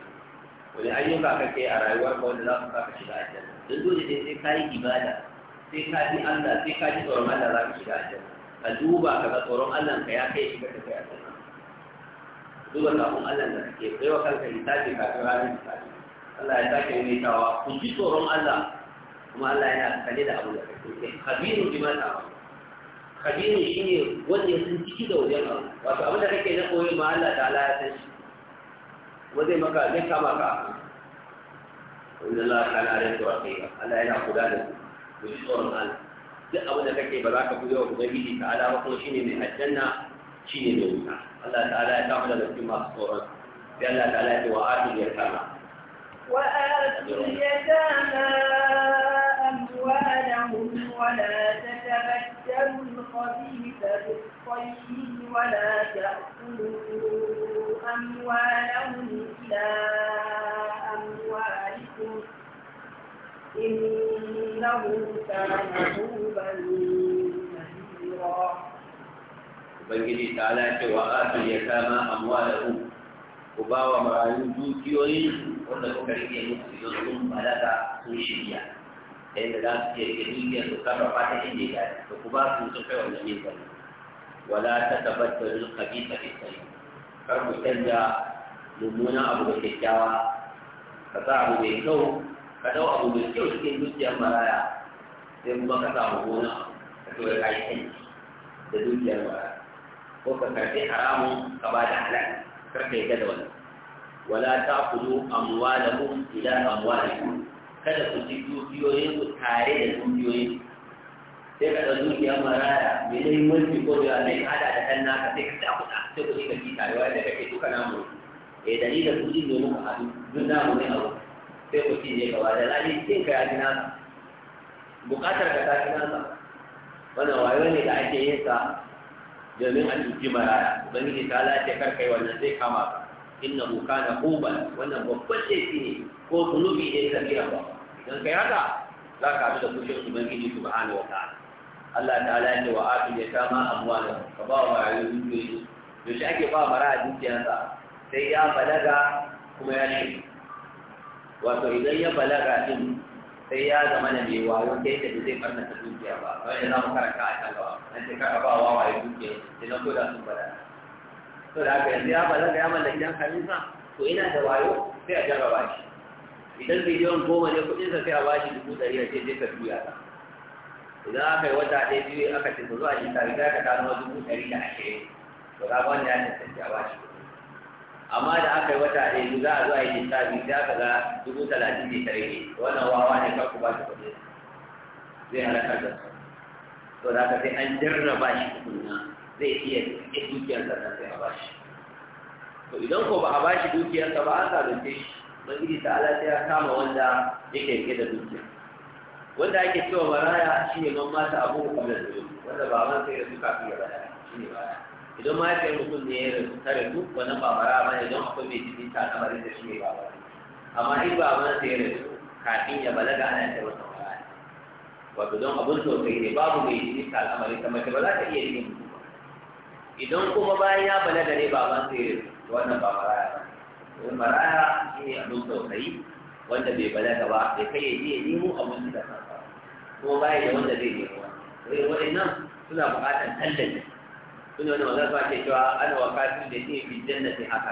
wani ayyuka kai a rayuwar ka wanda za su sa ka shiga ajiyar don dole dai sai ka yi ibada sai ka ji Allah sai ka ji tsoron Allah za ka shiga ajiyar ka duba ka ga tsoron Allah ka ya kai shiga ka kai Ka duba kafin Allah da kake bai wa kanka lissafi kafin ranar lissafi Allah ya sake tawa ku ji tsoron Allah kuma Allah yana kalli da abu da kake kabirun bi ma ta'amu kabiri shi ne wanda ya san ciki da wajen abu wato abin da kake na koyi ma Allah ta ala ya san shi wanda maka zai kama ka wanda Allah ta ala ya tsawa kai Allah yana kula da ku ji tsoron Allah duk abin da kake ba za ka fi kuyo wa ubangiji ta ala ba kuma shine mai aljanna ne mai wuta Allah ta ala ya kama da mutum masu tsoron sai Allah ta ala ya ce wa akhir ya kama wa akhir ya kama تأكلوا الخبيث بالطيب ولا تأكلوا أموالهم إلى أموالكم إنه كان حوبا كبيرا Ubangiji ta ce wa ƙasar ya kama amuwa da ku, ku ba wa marayu dukiyoyin wanda kuka rike musu idan sun balaga sun shirya. ta yadda za su iya rike dukiyar su sarrafa ta inda ya dace to ku ba su sun kai wannan yin zama wala ta tabbatar da kabisa fi sai kar ku canja mummunan abu da kyakkyawa ka sa abu mai kyau ka dau abu mai kyau cikin dukiyar maraya sai kuma ka sa mummuna ka to ya kai canji da dukiyar maraya ko ka karfi haramun ka ba da halal kar ka yi da wannan wala ta kudu amuwa ila amwalikum kada ku ji dukiyoyin ku tare da dukiyoyin sai ka ɗan dukiya maraya mai muhimmanci ko da mai hada da ɗan naka sai ka dakuta sai ku ka ji tare wanda kake duka namu eh dalilin ku ji ne muka haɗu duk namu ne abu sai ku ci ne gaba da lalin cin ka ya ji naka buƙatar ka ta ci naka wannan wayo ne da ake yin sa domin a cuci maraya ubangiji ta lafiya karkai wannan zai kama ka innahu kana huban wannan babban laifi ne ko zunubi ne kabira ba dan haka za ka haɗu da kushin ubangiji subhanahu wa ta'ala Allah ta'ala ya ce wa atu ya kama amwala ka ba wa marayu dukiyoyi yaushe ake ba mara a dukiyansa? sai ya balaga kuma ya shi wato idan ya balaga din sai ya zama da mai wayo ta yadda da zai farna ta dukiya ba kamar yadda zamu karanta a can gaba an ce kaka ba wa wayo dukiya sai na koda sun bada to da haka yanzu ya balaga ya mallaki dan kaminsa to ina da wayo sai a jarraba shi idan miliyan goma ne kuɗin sa sai a bashi dubu ɗari a ce je ka juya ta idan aka yi wata ɗaya biyu aka ce ku zo a shi tare da ka gano dubu ɗari da ashirin to ka wanda ya tantance a bashi amma da aka yi wata ɗaya biyu za a zo a yi biyu sai aka ga dubu talatin ne tare ne wannan wawa ne kar ku ba shi kuɗi zai halakar da su to da aka sai an jarraba shi tukunna zai iya dukiyarsa sai a bashi to idan ko ba a bashi dukiyarsa ba an zalunce shi ubangiji ta ala ya kama wanda yake rike da dukiya wanda ake cewa baraya shine don mata abu kuma da wanda ba man sai da su kafin ya shi ne baraya idan ma yake mutum ne ya rasu tare su wannan ba baraya ba ne don akwai mai jiki ta yadda da ne ba baraya amma in ba man sai ya rasu kafin ya balaga ana ta wata baraya wato don abun sosai ne babu mai jiki ta al'amarin ta mace ba za ta iya yin mutum ba idan kuma bayan ya balaga ne ba man sai ya rasu wannan ba baraya ba shi ne abin tausayi wanda bai balaga ba bai kai ya je ya nemo abin da kansa ko baya da wanda zai nemo wani waɗannan suna buƙatar tallafi suna wani wanda ba ke cewa ana wa kafin da ke fi jannati haka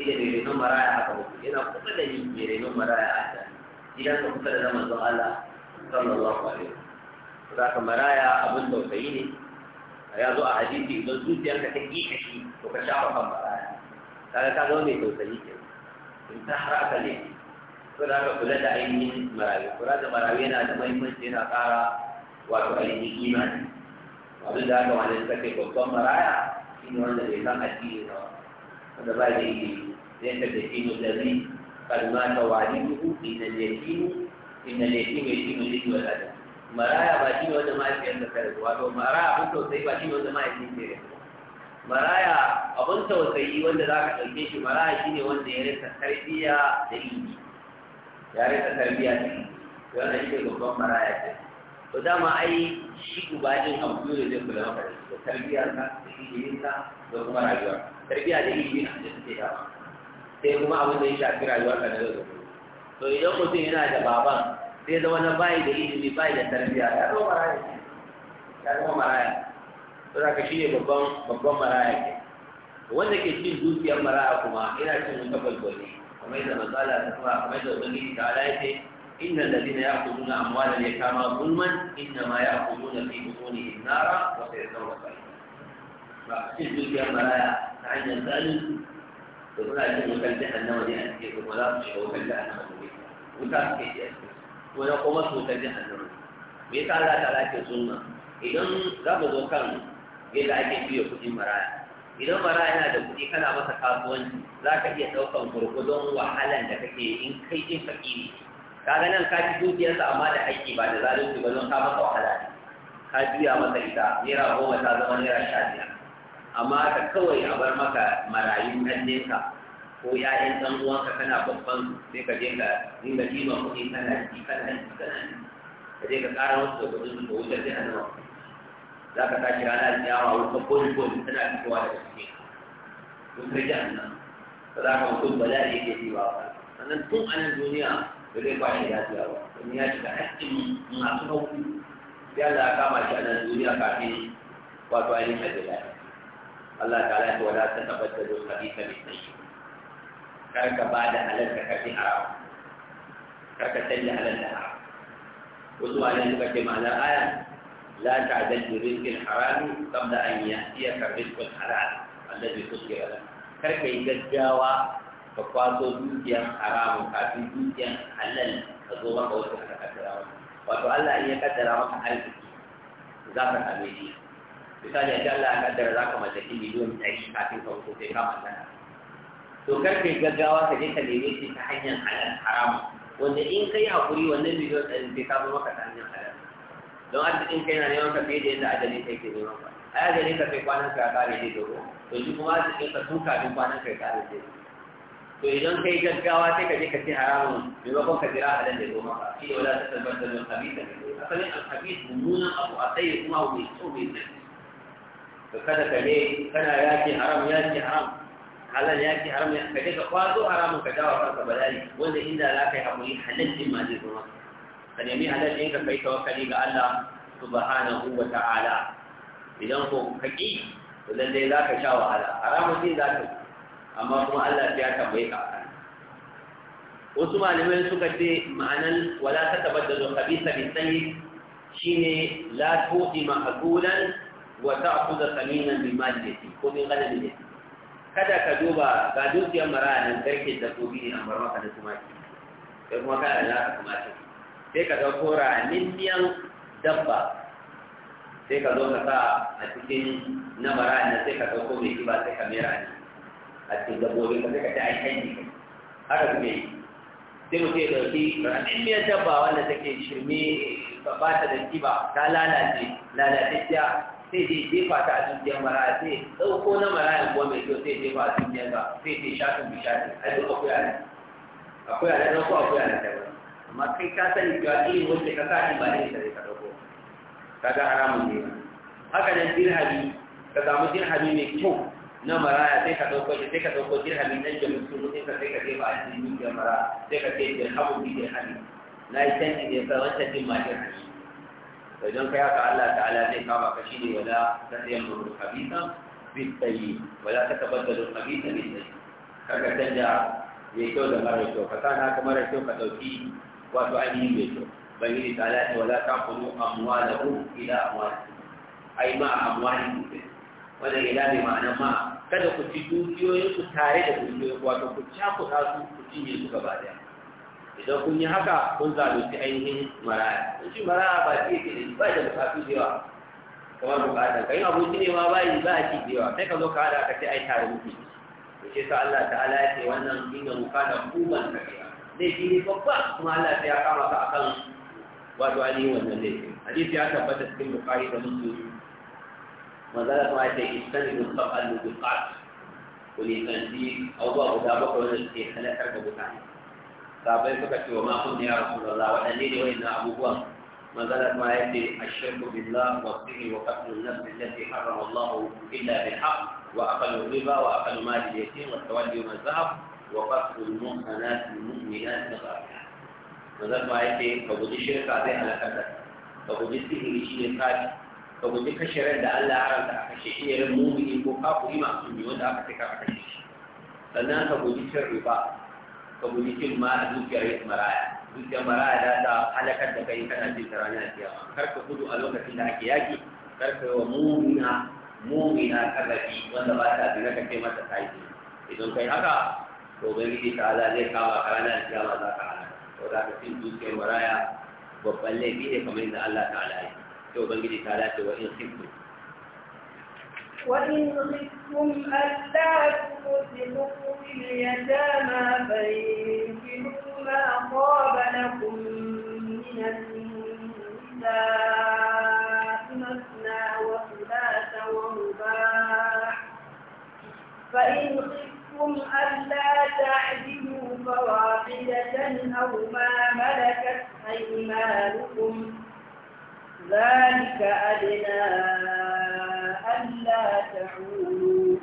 ida mai renon maraya haka wasu yana kuma da ni mai renon maraya a can idan ka kusa da zaman manzon Allah sallallahu alaihi wasallam za ka maraya abin tausayi ne ya zo a hadisi idan zuciyarka ta ƙi shi to ka shafa kan maraya kaga ka zama mai tausayi kenan ta har aka ne to da aka kula da ainihin marawi kula da marawi yana da mahimmanci yana kara, wato ainihin imani abin da aka wani suka kai babban maraya shi ne wanda bai san addini ba wanda ba da yi zai ka da shi mutane kalma ta wani duhu inda da shi inda da shi mai shi mai shi wala da maraya ba shi ne wanda ma ya fiye da kare wato maraya abin sosai ba shi ne wanda ma ya fiye da kare maraya abin tausayi wanda za ka ɗauke shi maraya shi ne wanda ya rasa tarbiyya da ilimi ya rasa tarbiyya da ilimi yana shi ne babban maraya ce to dama ai shi ubajin abu ne zai kula maka da tarbiyya ka da ilimin ka da kuma rayuwa tarbiyya da ilimi a cikin sai dama sai kuma abin da ya shafi rayuwar ka da zai da to idan mutum yana da baban sai zama na bayi da ilimi bayi da tarbiyya ya zama maraya ya zama maraya saboda ka shi ne babban babban mara'a ke wanda ke cin dukiyar mara'a kuma ina cin wani kafa gwani kamar yadda matsala ta kuma kamar yadda wani ta ala yake inna lalina ya kudu na amwalar ya kama gulman inna ma ya kudu na fi kudu nara wata ya ba a cin dukiyar mara'a ta hanyar zani da kuma a cin jihar na wani a cikin kuma za su shiga wakar jihar na wani wuta kuma na kuma su wakar jihar na wani me ta ala ta ala ke zulma idan za mu zo kan da ake biya kuɗin maraya idan maraya yana da kuɗi kana masa kasuwanci za ka iya ɗaukan gurgudun wahalan da kake in kai in fakiri kaga nan ka ci dukiyarsa amma da aiki ba da zalunci ba don ka masa wahala ne ka biya masa ita naira goma ta zama naira sha biyar amma ka kawai a bar maka marayun ɗannenka ko ‘ya'yan ɗan uwanka kana babban sai ka je ka dinga jima kuɗi kana ji kana ji kana ji ka je ka ƙara wasu da kuɗin da wutar jihar nawa za ka tashi ranar alƙiyama wutan koli koli tana fitowa daga cikin wutar jahannam ba za ka mutum ba za a yake ji ba sannan tun a nan duniya ba zai kwashe lafiya ba domin ya shiga haƙƙin masu hauku ya za a kama shi a nan duniya kafin wato ainihin hajji lafiya Allah ta'ala ya wada ta tabbatar da hadisa mai tsayi kar ka ba da halarta kafin haram kar ka canja halarta haram wasu ma ne suka ce ma'anar aya لا تعدد رزق الحرام قبل أن يأتيك الرزق الحلال الذي تذكر له كيف يتجاوى فقاتوا دوتيا حرام وقاتوا دوتيا حلال الظلم هو من وتعالى وتعالى أن يقدر وقع ألفك ذاك الأبدية مثال يجعل الله قدر ذاك ما تكين بدون تعيش حاكم فوقوتي كما سنة to karfe gaggawa ka je ka neme shi ta hanyar halal haramu wanda in kai hakuri wannan miliyon ɗin bai kawo maka ta hanyar halal don arzikin kai na neman ka fiye da yadda ajali kai ke neman ka ai ajali ka kai kwanan ka kare ne dogo to shi kuma arzikin ka tun kafin kwanan ka kare ne to idan kai gaggawa sai ka je ka ci haramun maimakon ka jira halal da goma ka shi wala ta tabbatar da khabisa asalin alkhabis mummunan abu a tsaye kuma abu mai so mai tsaye to kada ka je kana yaki haram yaki haram halal yaki haram ka je ka kwazo haramun ka dawo kanka bala'i wanda inda za ka yi haƙuri halal din ma zai zo maka ka nemi halal ɗin ka kai tawakkali ga Allah subhanahu wa ta'ala idan ko ka ƙi to lallai za ka sha wahala haramun din za ka amma kuma Allah ya tambaye ka akan wasu malamai suka ce ma'anan wala ta tabaddalu khabisa bi sayyid shine la tu'i ma'qulan wa ta'khudha thaminan bi maddati ko min ghalami kada ka duba ga dukiyar maraya nan garke da gobe ne an bar maka da tumaki sai kuma kana da naka tumaki sai ka ɗauko raninniyan dabba sai ka zo ka sa a cikin na na sai ka ɗauko mai kiba sai ka mera ne a cikin dabbobin ka sai ka ta kai haka su yi sai mutum ya ɗauki raninniyan dabba wanda take shirme ba ta da kiba ta lalace lalatacciya sai dai jefa ta a cikin mara sai ɗauko na mara'in kuma mai kyau sai jefa a cikin ba sai sai shafin bishafin a duk akwai a nan akwai a nan ko akwai a nan amma kai ka sani cewa irin wacce ka sa ba irin da ka dauko kaga haramun ne haka nan dirhami ka samu dirhami mai kyau na maraya sai ka ɗauko shi sai ka dauko dirhami dan jamus sun sai ka sai ka jefa a cikin dukiyar mara sai ka sai dirhamu bi dirhami na yi canji da ya sa wancan din ma dirhami to don ka haka Allah ta'ala zai kama ka shi ne wala ta sayan murul khabisa bil tayyib wala ta tabaddalu khabisa bil tayyib kaga canja mai kyau da mara kyau ka sa na ka mara kyau ka ɗauki. wato ainihin mai kyau yi ta lati wala ta kudu amwalahu ila amwali ai ma amuwa ne wannan ila ne ma'ana ma kada ku ci dukiyoyin ku tare da dukiyoyin wato ku cakuɗa su ku cinye su gaba daya idan kun yi haka kun zalunci ainihin maraya in shi maraya ba ce ke ba da bukatu da yawa kamar bukatar kai abinci ne ma ba yi ba a ci da yawa sai ka zo ka hada ka ce ai tare muke to ce sa Allah ta'ala ya ce wannan inna kuma kuban kafiya laifi ne babba kuma Allah ya kama ka akan wato ainihin wannan laifin hadisi ya tabbata cikin bukari da musulmi manzala kuma ya ce istani da sab'al mubiqat kuli kanti abubuwa guda bakwai wanda suke halakar da mutane sabai suka ce wa ma kun ya rasulullah waɗanne ne wayannan abubuwan manzala kuma ya ce ashirku billah wa sirri wa qatlun nafsi allati harrama Allah illa bil haqq wa aqalu riba wa aqalu mali yatim wa tawalli man zahab وقتل المؤمنات المؤمنات بغافلة نظر ما يتي فبدي شركة دي على كذا فبدي سهل شيء قال فبدي كشرين دا الله عرم دا كشيء المؤمن وقاف إما سميون دا كتكا كشيء sannan ka guji cin riba ka guji cin ma a dukiyar maraya dukiyar maraya za ta halakar da kai kana da ranar kiyama kar ka gudu a lokacin da ake yaki kar ka yi wa mumina mumina karrafi wanda ba ta zina ka ce mata ta yi idan kai haka تو بھی کی تعالی نے کہا کہ اللہ تعالی اللہ تعالی اور اپ کی دو کے مرایا وہ پہلے بھی ہے ہمیں اللہ تعالی ہے تو بھی کی تعالی تو وہ خفت وان مثنى وثلاث ورباع فإن خفتم حقكم ألا تعدلوا فواحدة أو ما ملكت أيمانكم ذلك أدنى ألا تعولوا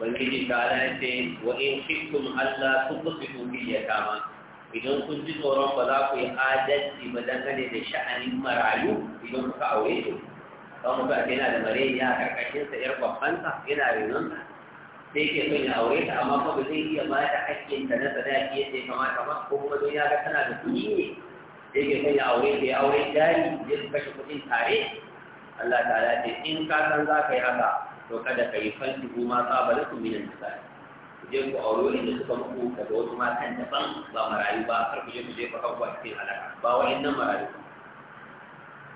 وإن خفتم ألا تبصحوا باليتامى إذن كنت ترى فلاك عادة بدخل لشأن مرعيو إذن كأويتو da yake son ya aure ta amma kuma zai iya ba ta hakkin da na sadaki ke sai kamata ba ko kuma don ya ga tana da kuɗi ne da yake son ya aure ta ya aure jari ya su kashe kuɗin tare Allah ta'ala ce in ka san za ka yi haka to kada ka yi fanti ko ma sa bala ku minan ta ku je ku aure da suka muku daga wasu matan daban ba marayu ba kar ku je ku je ku kan a cikin halaka ba nan marayu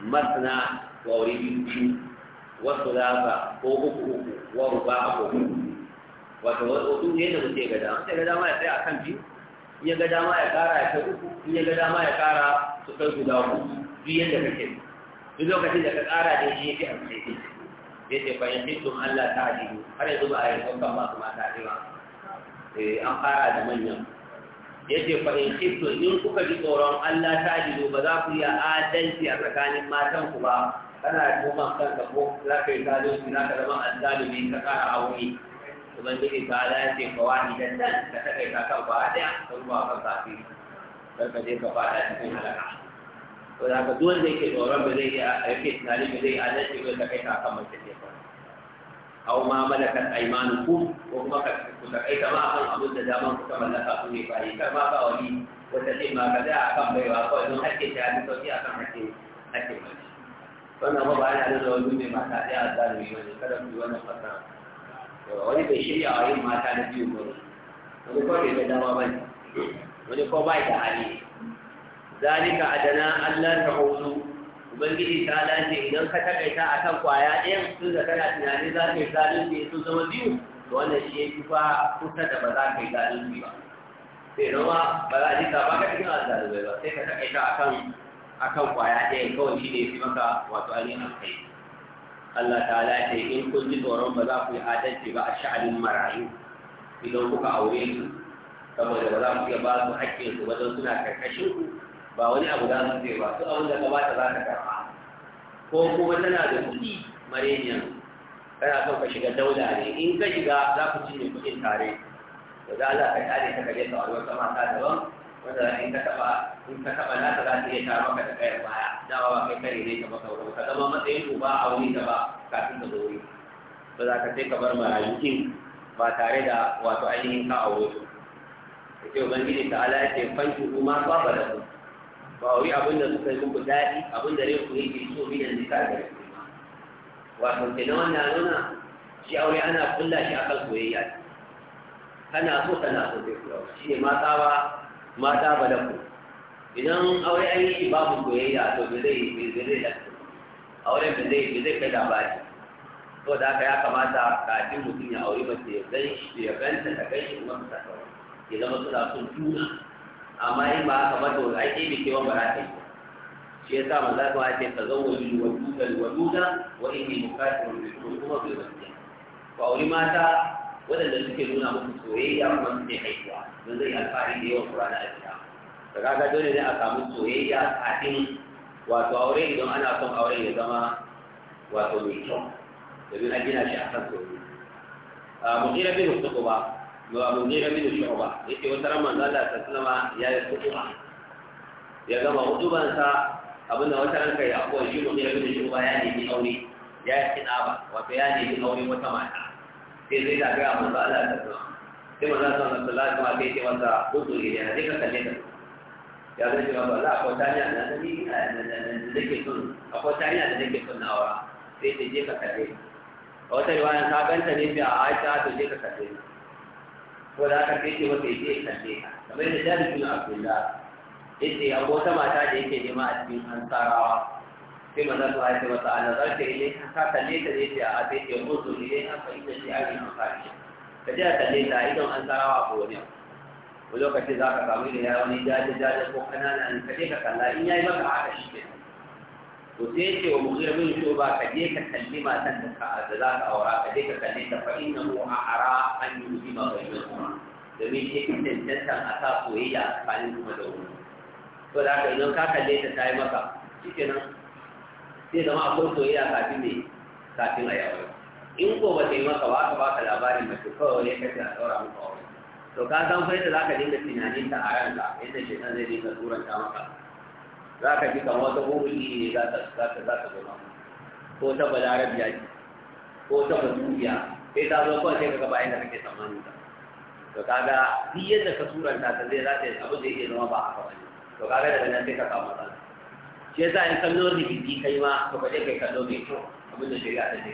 Masana, ku aure biyu biyu wasu ka, ko uku uku wa ruba ko uku wato wasu ne da mutum ya ga dama ya ga dama ya a kan biyu in ya ga dama ya kara ya kai uku in ya ga dama ya kara su kai guda uku duk yadda kake duk lokacin da ka kara da shi yake amfani da shi ce fa yanzu tun Allah ta hadidu har yanzu ba a yi ma masu mata da ba eh, an fara da manyan yace fa in tun in kuka ji tsoron Allah ta hadidu ba za ku iya adalci a tsakanin matan ku ba kana kuma kanka ko za ka yi zalunci za ka zama azzalumi ka kara aure ubangiji ta ala ce ka wani dan nan ka takai ka kan ba daya ka ruwa kan kafi kar ka je ka fada cikin halaka to da ka duwan da yake tsoron ba zai yi a yake tunani ba zai yi adalci ba ka kai ka kan mace ce ba aw ma malakat aymanukum ko kuma ka ku takai ta ma kan abin da daman ku ta mallaka ku ne bai kar ma ba wani wata ce ma ka da akan baiwa ko don hakki ta yi sauki akan hakki hakki wannan ba ba ana da wani mai mata ɗaya a zalimi wani kada ku yi wannan fasara wani bai shirya a yin mata na biyu ba wani ko bai dama ba ne wani ko bai da hali zalika adana Allah ta huzu ubangiji ta lace idan ka takaita a kan kwaya ɗaya, tun da kana tunani za ka yi zalunci sun zama biyu to wannan shi ya fi fa kusa da ba za ka yi zalunci ba sai noma ba za a ji ba ka cikin azalubai ba sai ka takaita a kan kwaya ɗaya kawai shi ne fi maka wato ainihin alkhairi Allah ta'ala ce in kun ji tsoron ba za ku yi adalci ba a sha'anin marayu idan kuka aure su saboda ba za ku iya ba su haƙƙin su wajen suna karkashin ku ba wani abu za su ce ba su abin da ka bata za ka karɓa ko kuma tana da kuɗi mareniya. kana son ka shiga daula ne in ka shiga za ku cinye kuɗin tare to za Allah ka kare ka kaje ka aure wata mata daban wanda in ka taba in ka taba na ta za ta iya maka da kai baya dama ba kai kare ne ka ba wuri ka zama matsayin ba a wuri da ba kafin ka zo wuri ba za ka sai ka bar marayukin ba tare da wato ainihin ka aure su ya ce ubangiji ta ala ce fanki kuma ba ba da ku ba wuri abin da suka yi ku daɗi abin da rai ku yake so biyan zika da rai wato kenan wannan nuna shi aure ana kulla shi akan soyayya kana so kana so zai kuwa shi ne matsawa mata ba ku idan aure an yi babu soyayya to bai zai bai zai lafu auren bai zai bai zai kai labari to da haka ya kamata kafin mutum ya aure mace ya gan shi ya ganta ta gan shi kuma ta kawai ya zama suna son juna amma in ba haka ba to ai ɗebe kewan ba za ta yi shi yasa manzo ko ake tazawwaju wajuda wajuda wa inni mukatiru bikum kuma bai ba Ku aure mata waɗanda suke nuna muku soyayya kuma suke haihuwa don zai alfahari da yawan kurana a gida da kaga dole ne a samu soyayya kafin wato aure idan ana son aure ya zama wato mai kyau domin an gina shi a kan soyayya mugira bin sukuba wa mugira bin shu'ba yake wata ran manzo Allah sallama ya yi sukuba ya gama hudubansa abinda wata ran kai akwai shi mugira bin shu'ba ya nemi aure ya yi tinaba wato ya nemi aure wata mata sai zai na gaya manzo Allah da su sai manzo Allah sallallahu alaihi wasallam sai ce masa kudu na ne ka kalle ka ya zai ce masa Allah akwai tariya na da ni ina da nake son akwai tariya da sai je ka a wata riwaya ta ganta a ta to je ka na. ko da aka ya je kalle kamar mata da yake nema a cikin hansarawa. sai maza su haifi masa a nazarta ilaiha ka kalle ta zai ce a sai ke mutu ilaiha fa ita ce a yi mafari ka je a kalle ta idan an sarawa ko wani abu ko lokaci za ka samu da yawon jaje jaje ko kanana in kaje ka kalla in yayi maka haka shi ke to sai yake wa mugira bin shuba ka je ka kalli matan da ka da za ka aura ka je ka kalle ta fa innahu a'ara an yuji ma bainahuma domin shi kin tantan a sa soyayya tsakanin kuma da wani to da haka idan ka kalle ta ta yi maka shikenan sai zama akwai soyayya kafin ne kafin a yawon in ko ba ta maka ba aka baka labarin mace kawai wani kace a ɗaura muku aure to ka san fa yadda za ka dinga tunanin ta a ranka yadda shi zai dinga turanta maka za ka ji kamar wata gurbi ne za ta za ta za ta zo ko ta balarabiya ce ko ta basuriya sai ta zo kawai sai ka gaba yadda kake tsammanin ta to kaga duk yadda ka turanta ta zai za ta yi abin da yake zama ba haka bane to kaga daga nan sai ka kawo matsala shi yasa in kallo rigidi kai ma to ka je kai kallo mai kyau abin da shari'a ta ce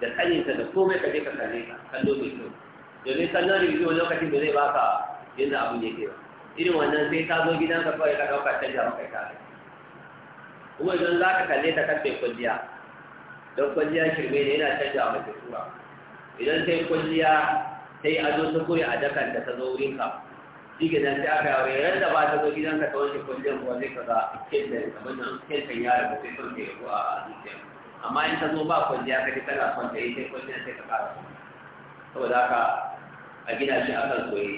da kaninta da komai ka je ka kalle ka kallo mai kyau domin kallon rigidi wani lokacin da zai baka yadda abin ya ke ba irin wannan sai ta zo gidan gidanka kawai ka ɗauka canja maka ita kuma idan za ka kalle ta kan mai kwalliya don kwalliya shirme ne yana canja mace tura idan sai yi kwalliya ta yi ado ta kure a da ta zo wurin ka. shi ke nan sai aka yawo ran da ba ta zo gidanka ta wanke kwallon ruwa zai kaga kentan abin nan kentan ya rabu sai son ya rabu a zuciya amma in ta zo ba kwanciya ka ji tana son ta yi sai kwallon sai ka kara saboda haka a gina shi akan koyi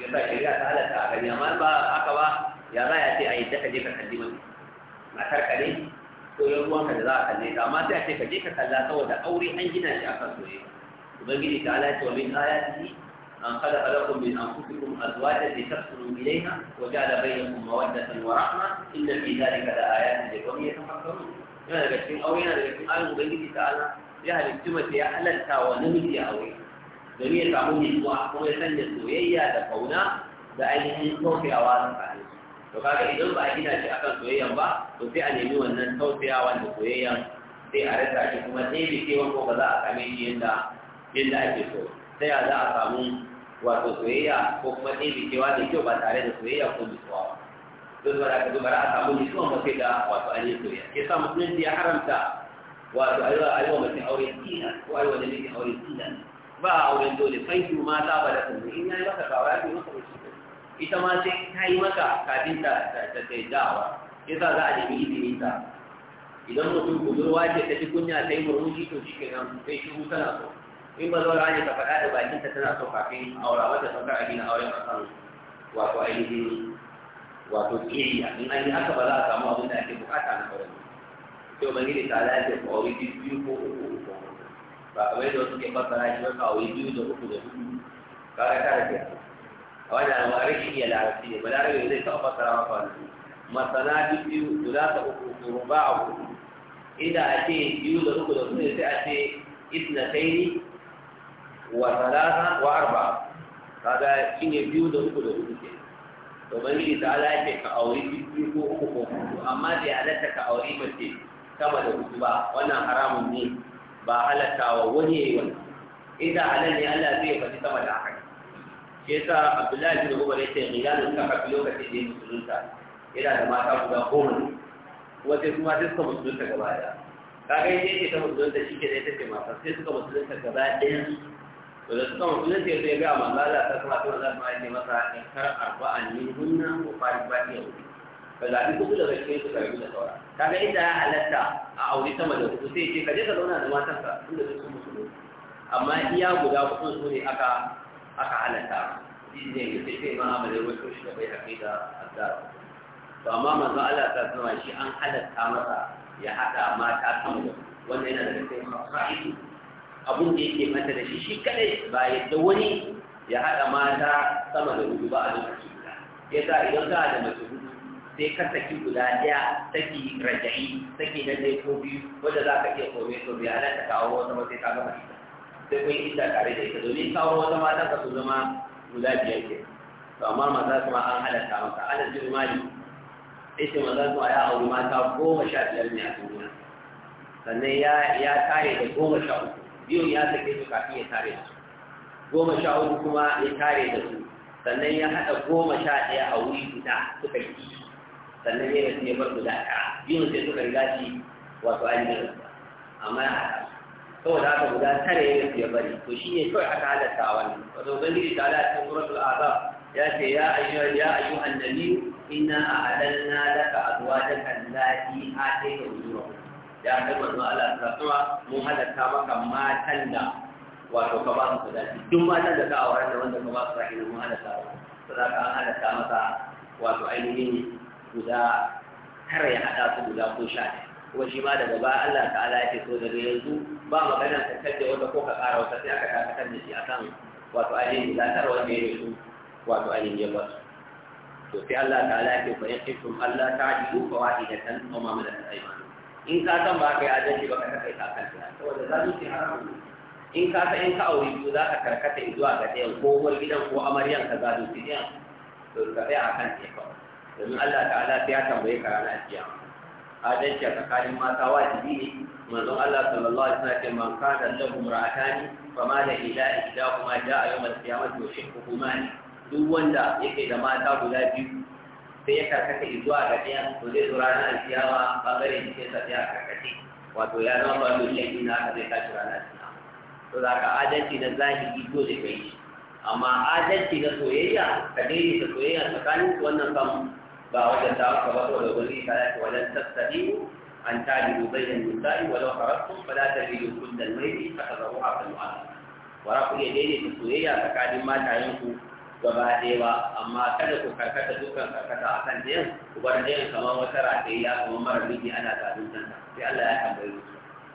ya sa shari'a ta halatta a gani amma ba haka ba ya za ya ce a yi ta je ka kalli mani matar karkare, ne ko yan ka da za a kalle ta amma sai a ce ka je ka kalla saboda aure an gina shi akan soyayya ubangiji ta halatta wa min ayatihi أن خلق لكم من أنفسكم أزواجا لتسكنوا إليها وجعل بينكم مودة ورحمة إن في ذلك لآيات لقوم يتفكرون yana daga cikin aure yana daga cikin ayin ubangiji ta ala ya halittu mace ya halatta wa namiji aure domin ya samu kuma ya sanya soyayya da kauna da ainihin tausayawa tsakanin to kaga idan ba a gina shi akan soyayyan ba to sai a nemi wannan tausayawa da soyayyan sai a rasa shi kuma sai da kewan ko ba za a same shi yadda yadda ake so ta ya za a samu wato soyayya ko kuma cewa da kyau ba tare da soyayya ko nutsuwa ba don ba ka dubara a samu nutsuwa ba da wato ainihin soyayya ke sa musulunci ya haramta wato wa mutum aure tina ko aiwa da mutum aure tina ba a auren dole fai su ma ta ba da kuma in yi maka kawara ne maka ba ita ma sai ta yi maka kafin ta ta ta dawa ke sa za a nemi izinin ta idan mutum budurwa ce ta ji kunya ta yi murmushi to shi nan sai shi tana so in ba zaura ne ka faɗa da bakin ta tana so kafin aura wata sauka a gina auren a kan wato ainihin wato kiriya in an yi haka ba za a samu abin da ake bukata na auren to ban da ta lafiya ko aure biyu ko uku uku ba a bai da wasu ke fassara shi ba ka biyu da uku da hudu kaga ta da kyau a wani alwari shi iya larabci ne ba larabci zai taɓa fassara maka wani masana biyu guda sulasa uku ba a hudu inda a ce biyu da uku da hudu sai a ce isna taini wa talata wa arba kaga shine biyu da uku da uku ke to bangiji ta ala yake ka aure biyu ko uku ko hudu amma da halatta ka aure mace sama da uku ba wannan haramun ne ba halatta wa wani yayi wani. idan halal ne Allah zai faɗi sama da haka shi yasa Abdullahi bin Umar yace ghilal ta ka lokacin da ya musulunta yana da mata guda goma ne kuma sai kuma sai suka musulunta gaba ɗaya kaga yake ta musulunta shi ke da ita ce mata sai suka musulunta gaba ɗaya. to da suka mutu zai sai ga manzo Allah ta kuma to Allah ma yake masa in kar arba'an min hunna ko fari fari ya wuce ka zabi da daga cikin su karbi da saura kaga inda ya halatta a aure sama da kudu sai ce ka je ka zauna da ka inda su su musulmi amma iya guda kudu sun ne aka aka halatta shi ne ya ce sai ma amalin wato shi da bai haƙi da azara to amma manzo Allah ta kuma shi an halatta masa ya haɗa mata sama da wannan yana daga cikin fa'idu abin da yake mata da shi shi kadai ba yadda wani ya haɗa mata sama da hudu ba a lokaci guda ya sa idan ka da mace hudu sai ka saki guda ɗaya saki raja'i saki na ɗaya ko biyu wanda za ka iya kome to bai ta kawo wata ba ta gama ita sai kun yi tare da ita domin kawo wata mata ka su zama guda biyar ke to amma maza kuma an halatta maka ana jin mali ita maza kuma ya auri mata goma sha biyar ne a duniya sannan ya tare da goma sha uku biyun ya sake su kafin ya tare da su goma sha uku kuma ya tare da su sannan ya haɗa goma sha ɗaya a wuri guda suka yi sannan ya rasu ya bar guda ɗaya biyun sai suka riga shi wato an yi rasu amma ya haɗa saboda haka guda tare ya rasu ya bari to shi ne kawai aka halatta a wannan wato ubangiji ta ala cikin suratul azab ya ce ya ayyuha ya ayyuhan nabiyyu inna a'lanna laka azwajaka allati atayka ujurahum ya kai manzo Allah ta kuma mun halatta maka matan da wato ka ba su sadaki duk matan da ka aure da wanda ka ba su sadaki mun halatta ba sadaka an halatta maka wato ainihin guda tara ya hada su guda ko sha ɗaya kuma shi ma daga baya Allah ta'ala ya ce so daga yanzu ba maganar ka kalle wanda ko ka ƙara wata sai aka dakatar da shi akan wato ainihin guda tara wanda ya rasu wato ainihin ya basu to sai Allah ta'ala ya ce fa yaqifum Allah ta'jilu fawahidatan aw ma malakat aymanukum in ka san ba ka yi adalci ba ka kasa ta kan tunani saboda zalunci haramun in ka san in ka aure biyu za ka karkata zuwa ga ɗayan ko wani gidan ko amaryan ka za ci ɗayan to ka tsaya a kan tefa domin Allah ta'ala sai ya tambaye ka ranar jiya. adalci a tsakanin mata wajibi ne manzon Allah sallallahu alaihi wasallam ce man kana lahu ra'atani fama da ila ila kuma ja'a yawm al-qiyamati wa shaykhu ne. duk wanda yake da mata guda biyu sai ya karkata zuwa ga ɗaya, to zai zo ranar alkiyama bangaren jikin sa karkace wato ya zama ba dole na haka zai tashi ranar alkiyama to za ka adalci na zahiri dole ka yi amma adalci na soyayya ka daidaita soyayya tsakanin wannan kan ba wajen da aka ba saboda wani ka ya ce wajen tattabi'u أن تعدلوا بين النساء ولو حرصتم ku? gaba ɗaya ba amma kada ku karkata dukkan karkata a kan ɗayan ku bar ɗayan kamar wata ratayya kuma mara miji ana nan sai Allah ya tambayi su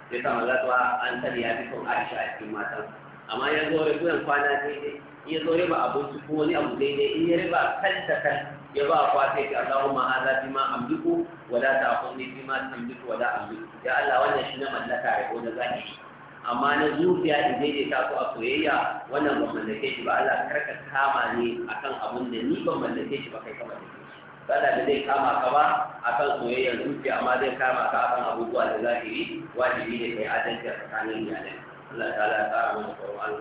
sai sama za su an sani ya fi son Aisha a cikin mata amma ya zo kuyan kwana daidai ya zo ba abinci ko wani abu daidai in ya riba kan da kan ya ba kwa sai ki Allahumma hadha bima amliku wala ta'khudni bima tamliku wala amliku ya Allah wannan shi na mallaka ya ko da zaki amma na zuciya in daidaita ku a soyayya wannan ban mallake shi ba Allah karka kama ni akan abun da ni ban mallake shi ba kai kama mallake ba da zai kama ka ba akan soyayyar zuciya amma zai kama ka akan abubuwa da zahiri wajibi ne kai adalci a tsakanin iyalai Allah ta'ala ya tsara mana Qur'an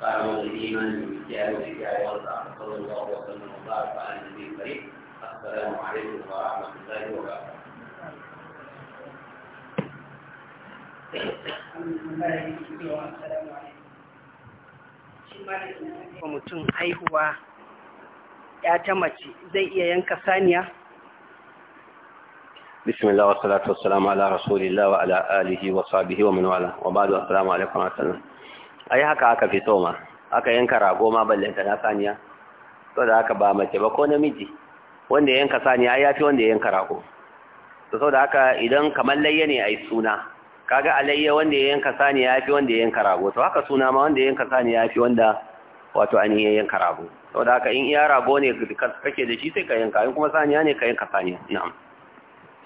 tsara mana iman da kiyaye da kiyaye wa sallallahu alaihi wa sallam wa baraka ala nabiyyi karim assalamu alaikum wa rahmatullahi wa barakatuh mutum haihuwa ya ta mace zai iya yanka saniya? bismillah wa salatu wassalamu ala rasulillah wa ala alihi wa sahbihi wa minwala wa ba'du assalamu alaikum wa sallam ai haka aka fito ma aka yanka rago ma balle ta na saniya to da haka ba mace ba ko namiji wanda yanka saniya ai yafi wanda yanka rago to saboda haka idan kamar layya ne ai suna kaga alayya wanda ya yanka saniya fi wanda ya yanka rago to haka suna ma wanda ya yanka saniya fi wanda wato an yi yanka rago saboda haka in iya rago ne kake da shi sai ka yanka in kuma saniya ne ka yanka saniya na'am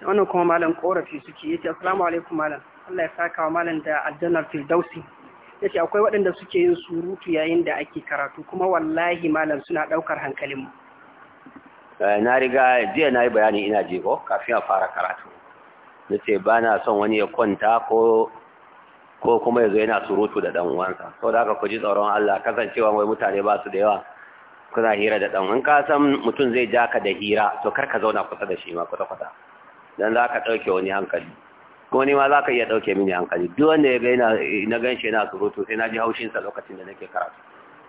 wannan kuma malam korafi suke yace assalamu alaikum malam Allah ya saka wa malam da aljannar firdausi yace akwai waɗanda suke yin surutu yayin da ake karatu kuma wallahi malam suna ɗaukar hankalin mu eh, na riga jiya na yi bayani ina je ko kafin a fara karatu na ce ba na son wani ya kwanta ko kuma ya zo yana surutu da ɗan'uwansa, uwansa sau da aka kuji tsoron Allah kasancewa wai mutane ba su da yawa kuna hira da ɗan in ka san mutum zai ja ka da hira to kar ka zauna kusa da shi ma kusa-kusa don za ka ɗauke wani hankali ko ni ma za ka iya ɗauke mini hankali duk wanda ya gaina na gan yana surutu sai na ji haushinsa lokacin da nake karatu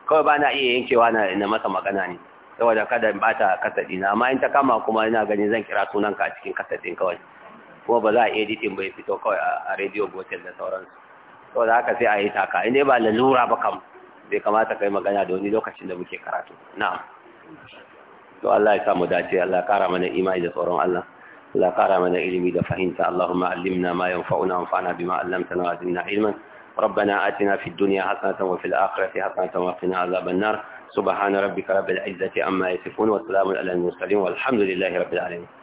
kawai ba na iya yankewa na masa magana ne saboda kada in bata kasadina amma in ta kama kuma ina ganin zan kira sunanka a cikin kasadin kawai Kuma ba za a editin bai fito kawai a rediyo gotel da sauransu to da haka sai a yi taka inda ba lalura ba kam bai kamata kai magana da wani lokacin da muke karatu na'am to Allah ya sa mu dace Allah ya kara mana imani da tsoron Allah Allah ya kara mana ilimi da fahimta Allahumma allimna ma yanfa'una wanfa'na bima 'allamtana wa zidna ilman ربنا آتنا في الدنيا حسنة وفي الآخرة حسنة وقنا عذاب النار سبحان ربك رب العزة عما يصفون وسلام على المرسلين والحمد لله رب العالمين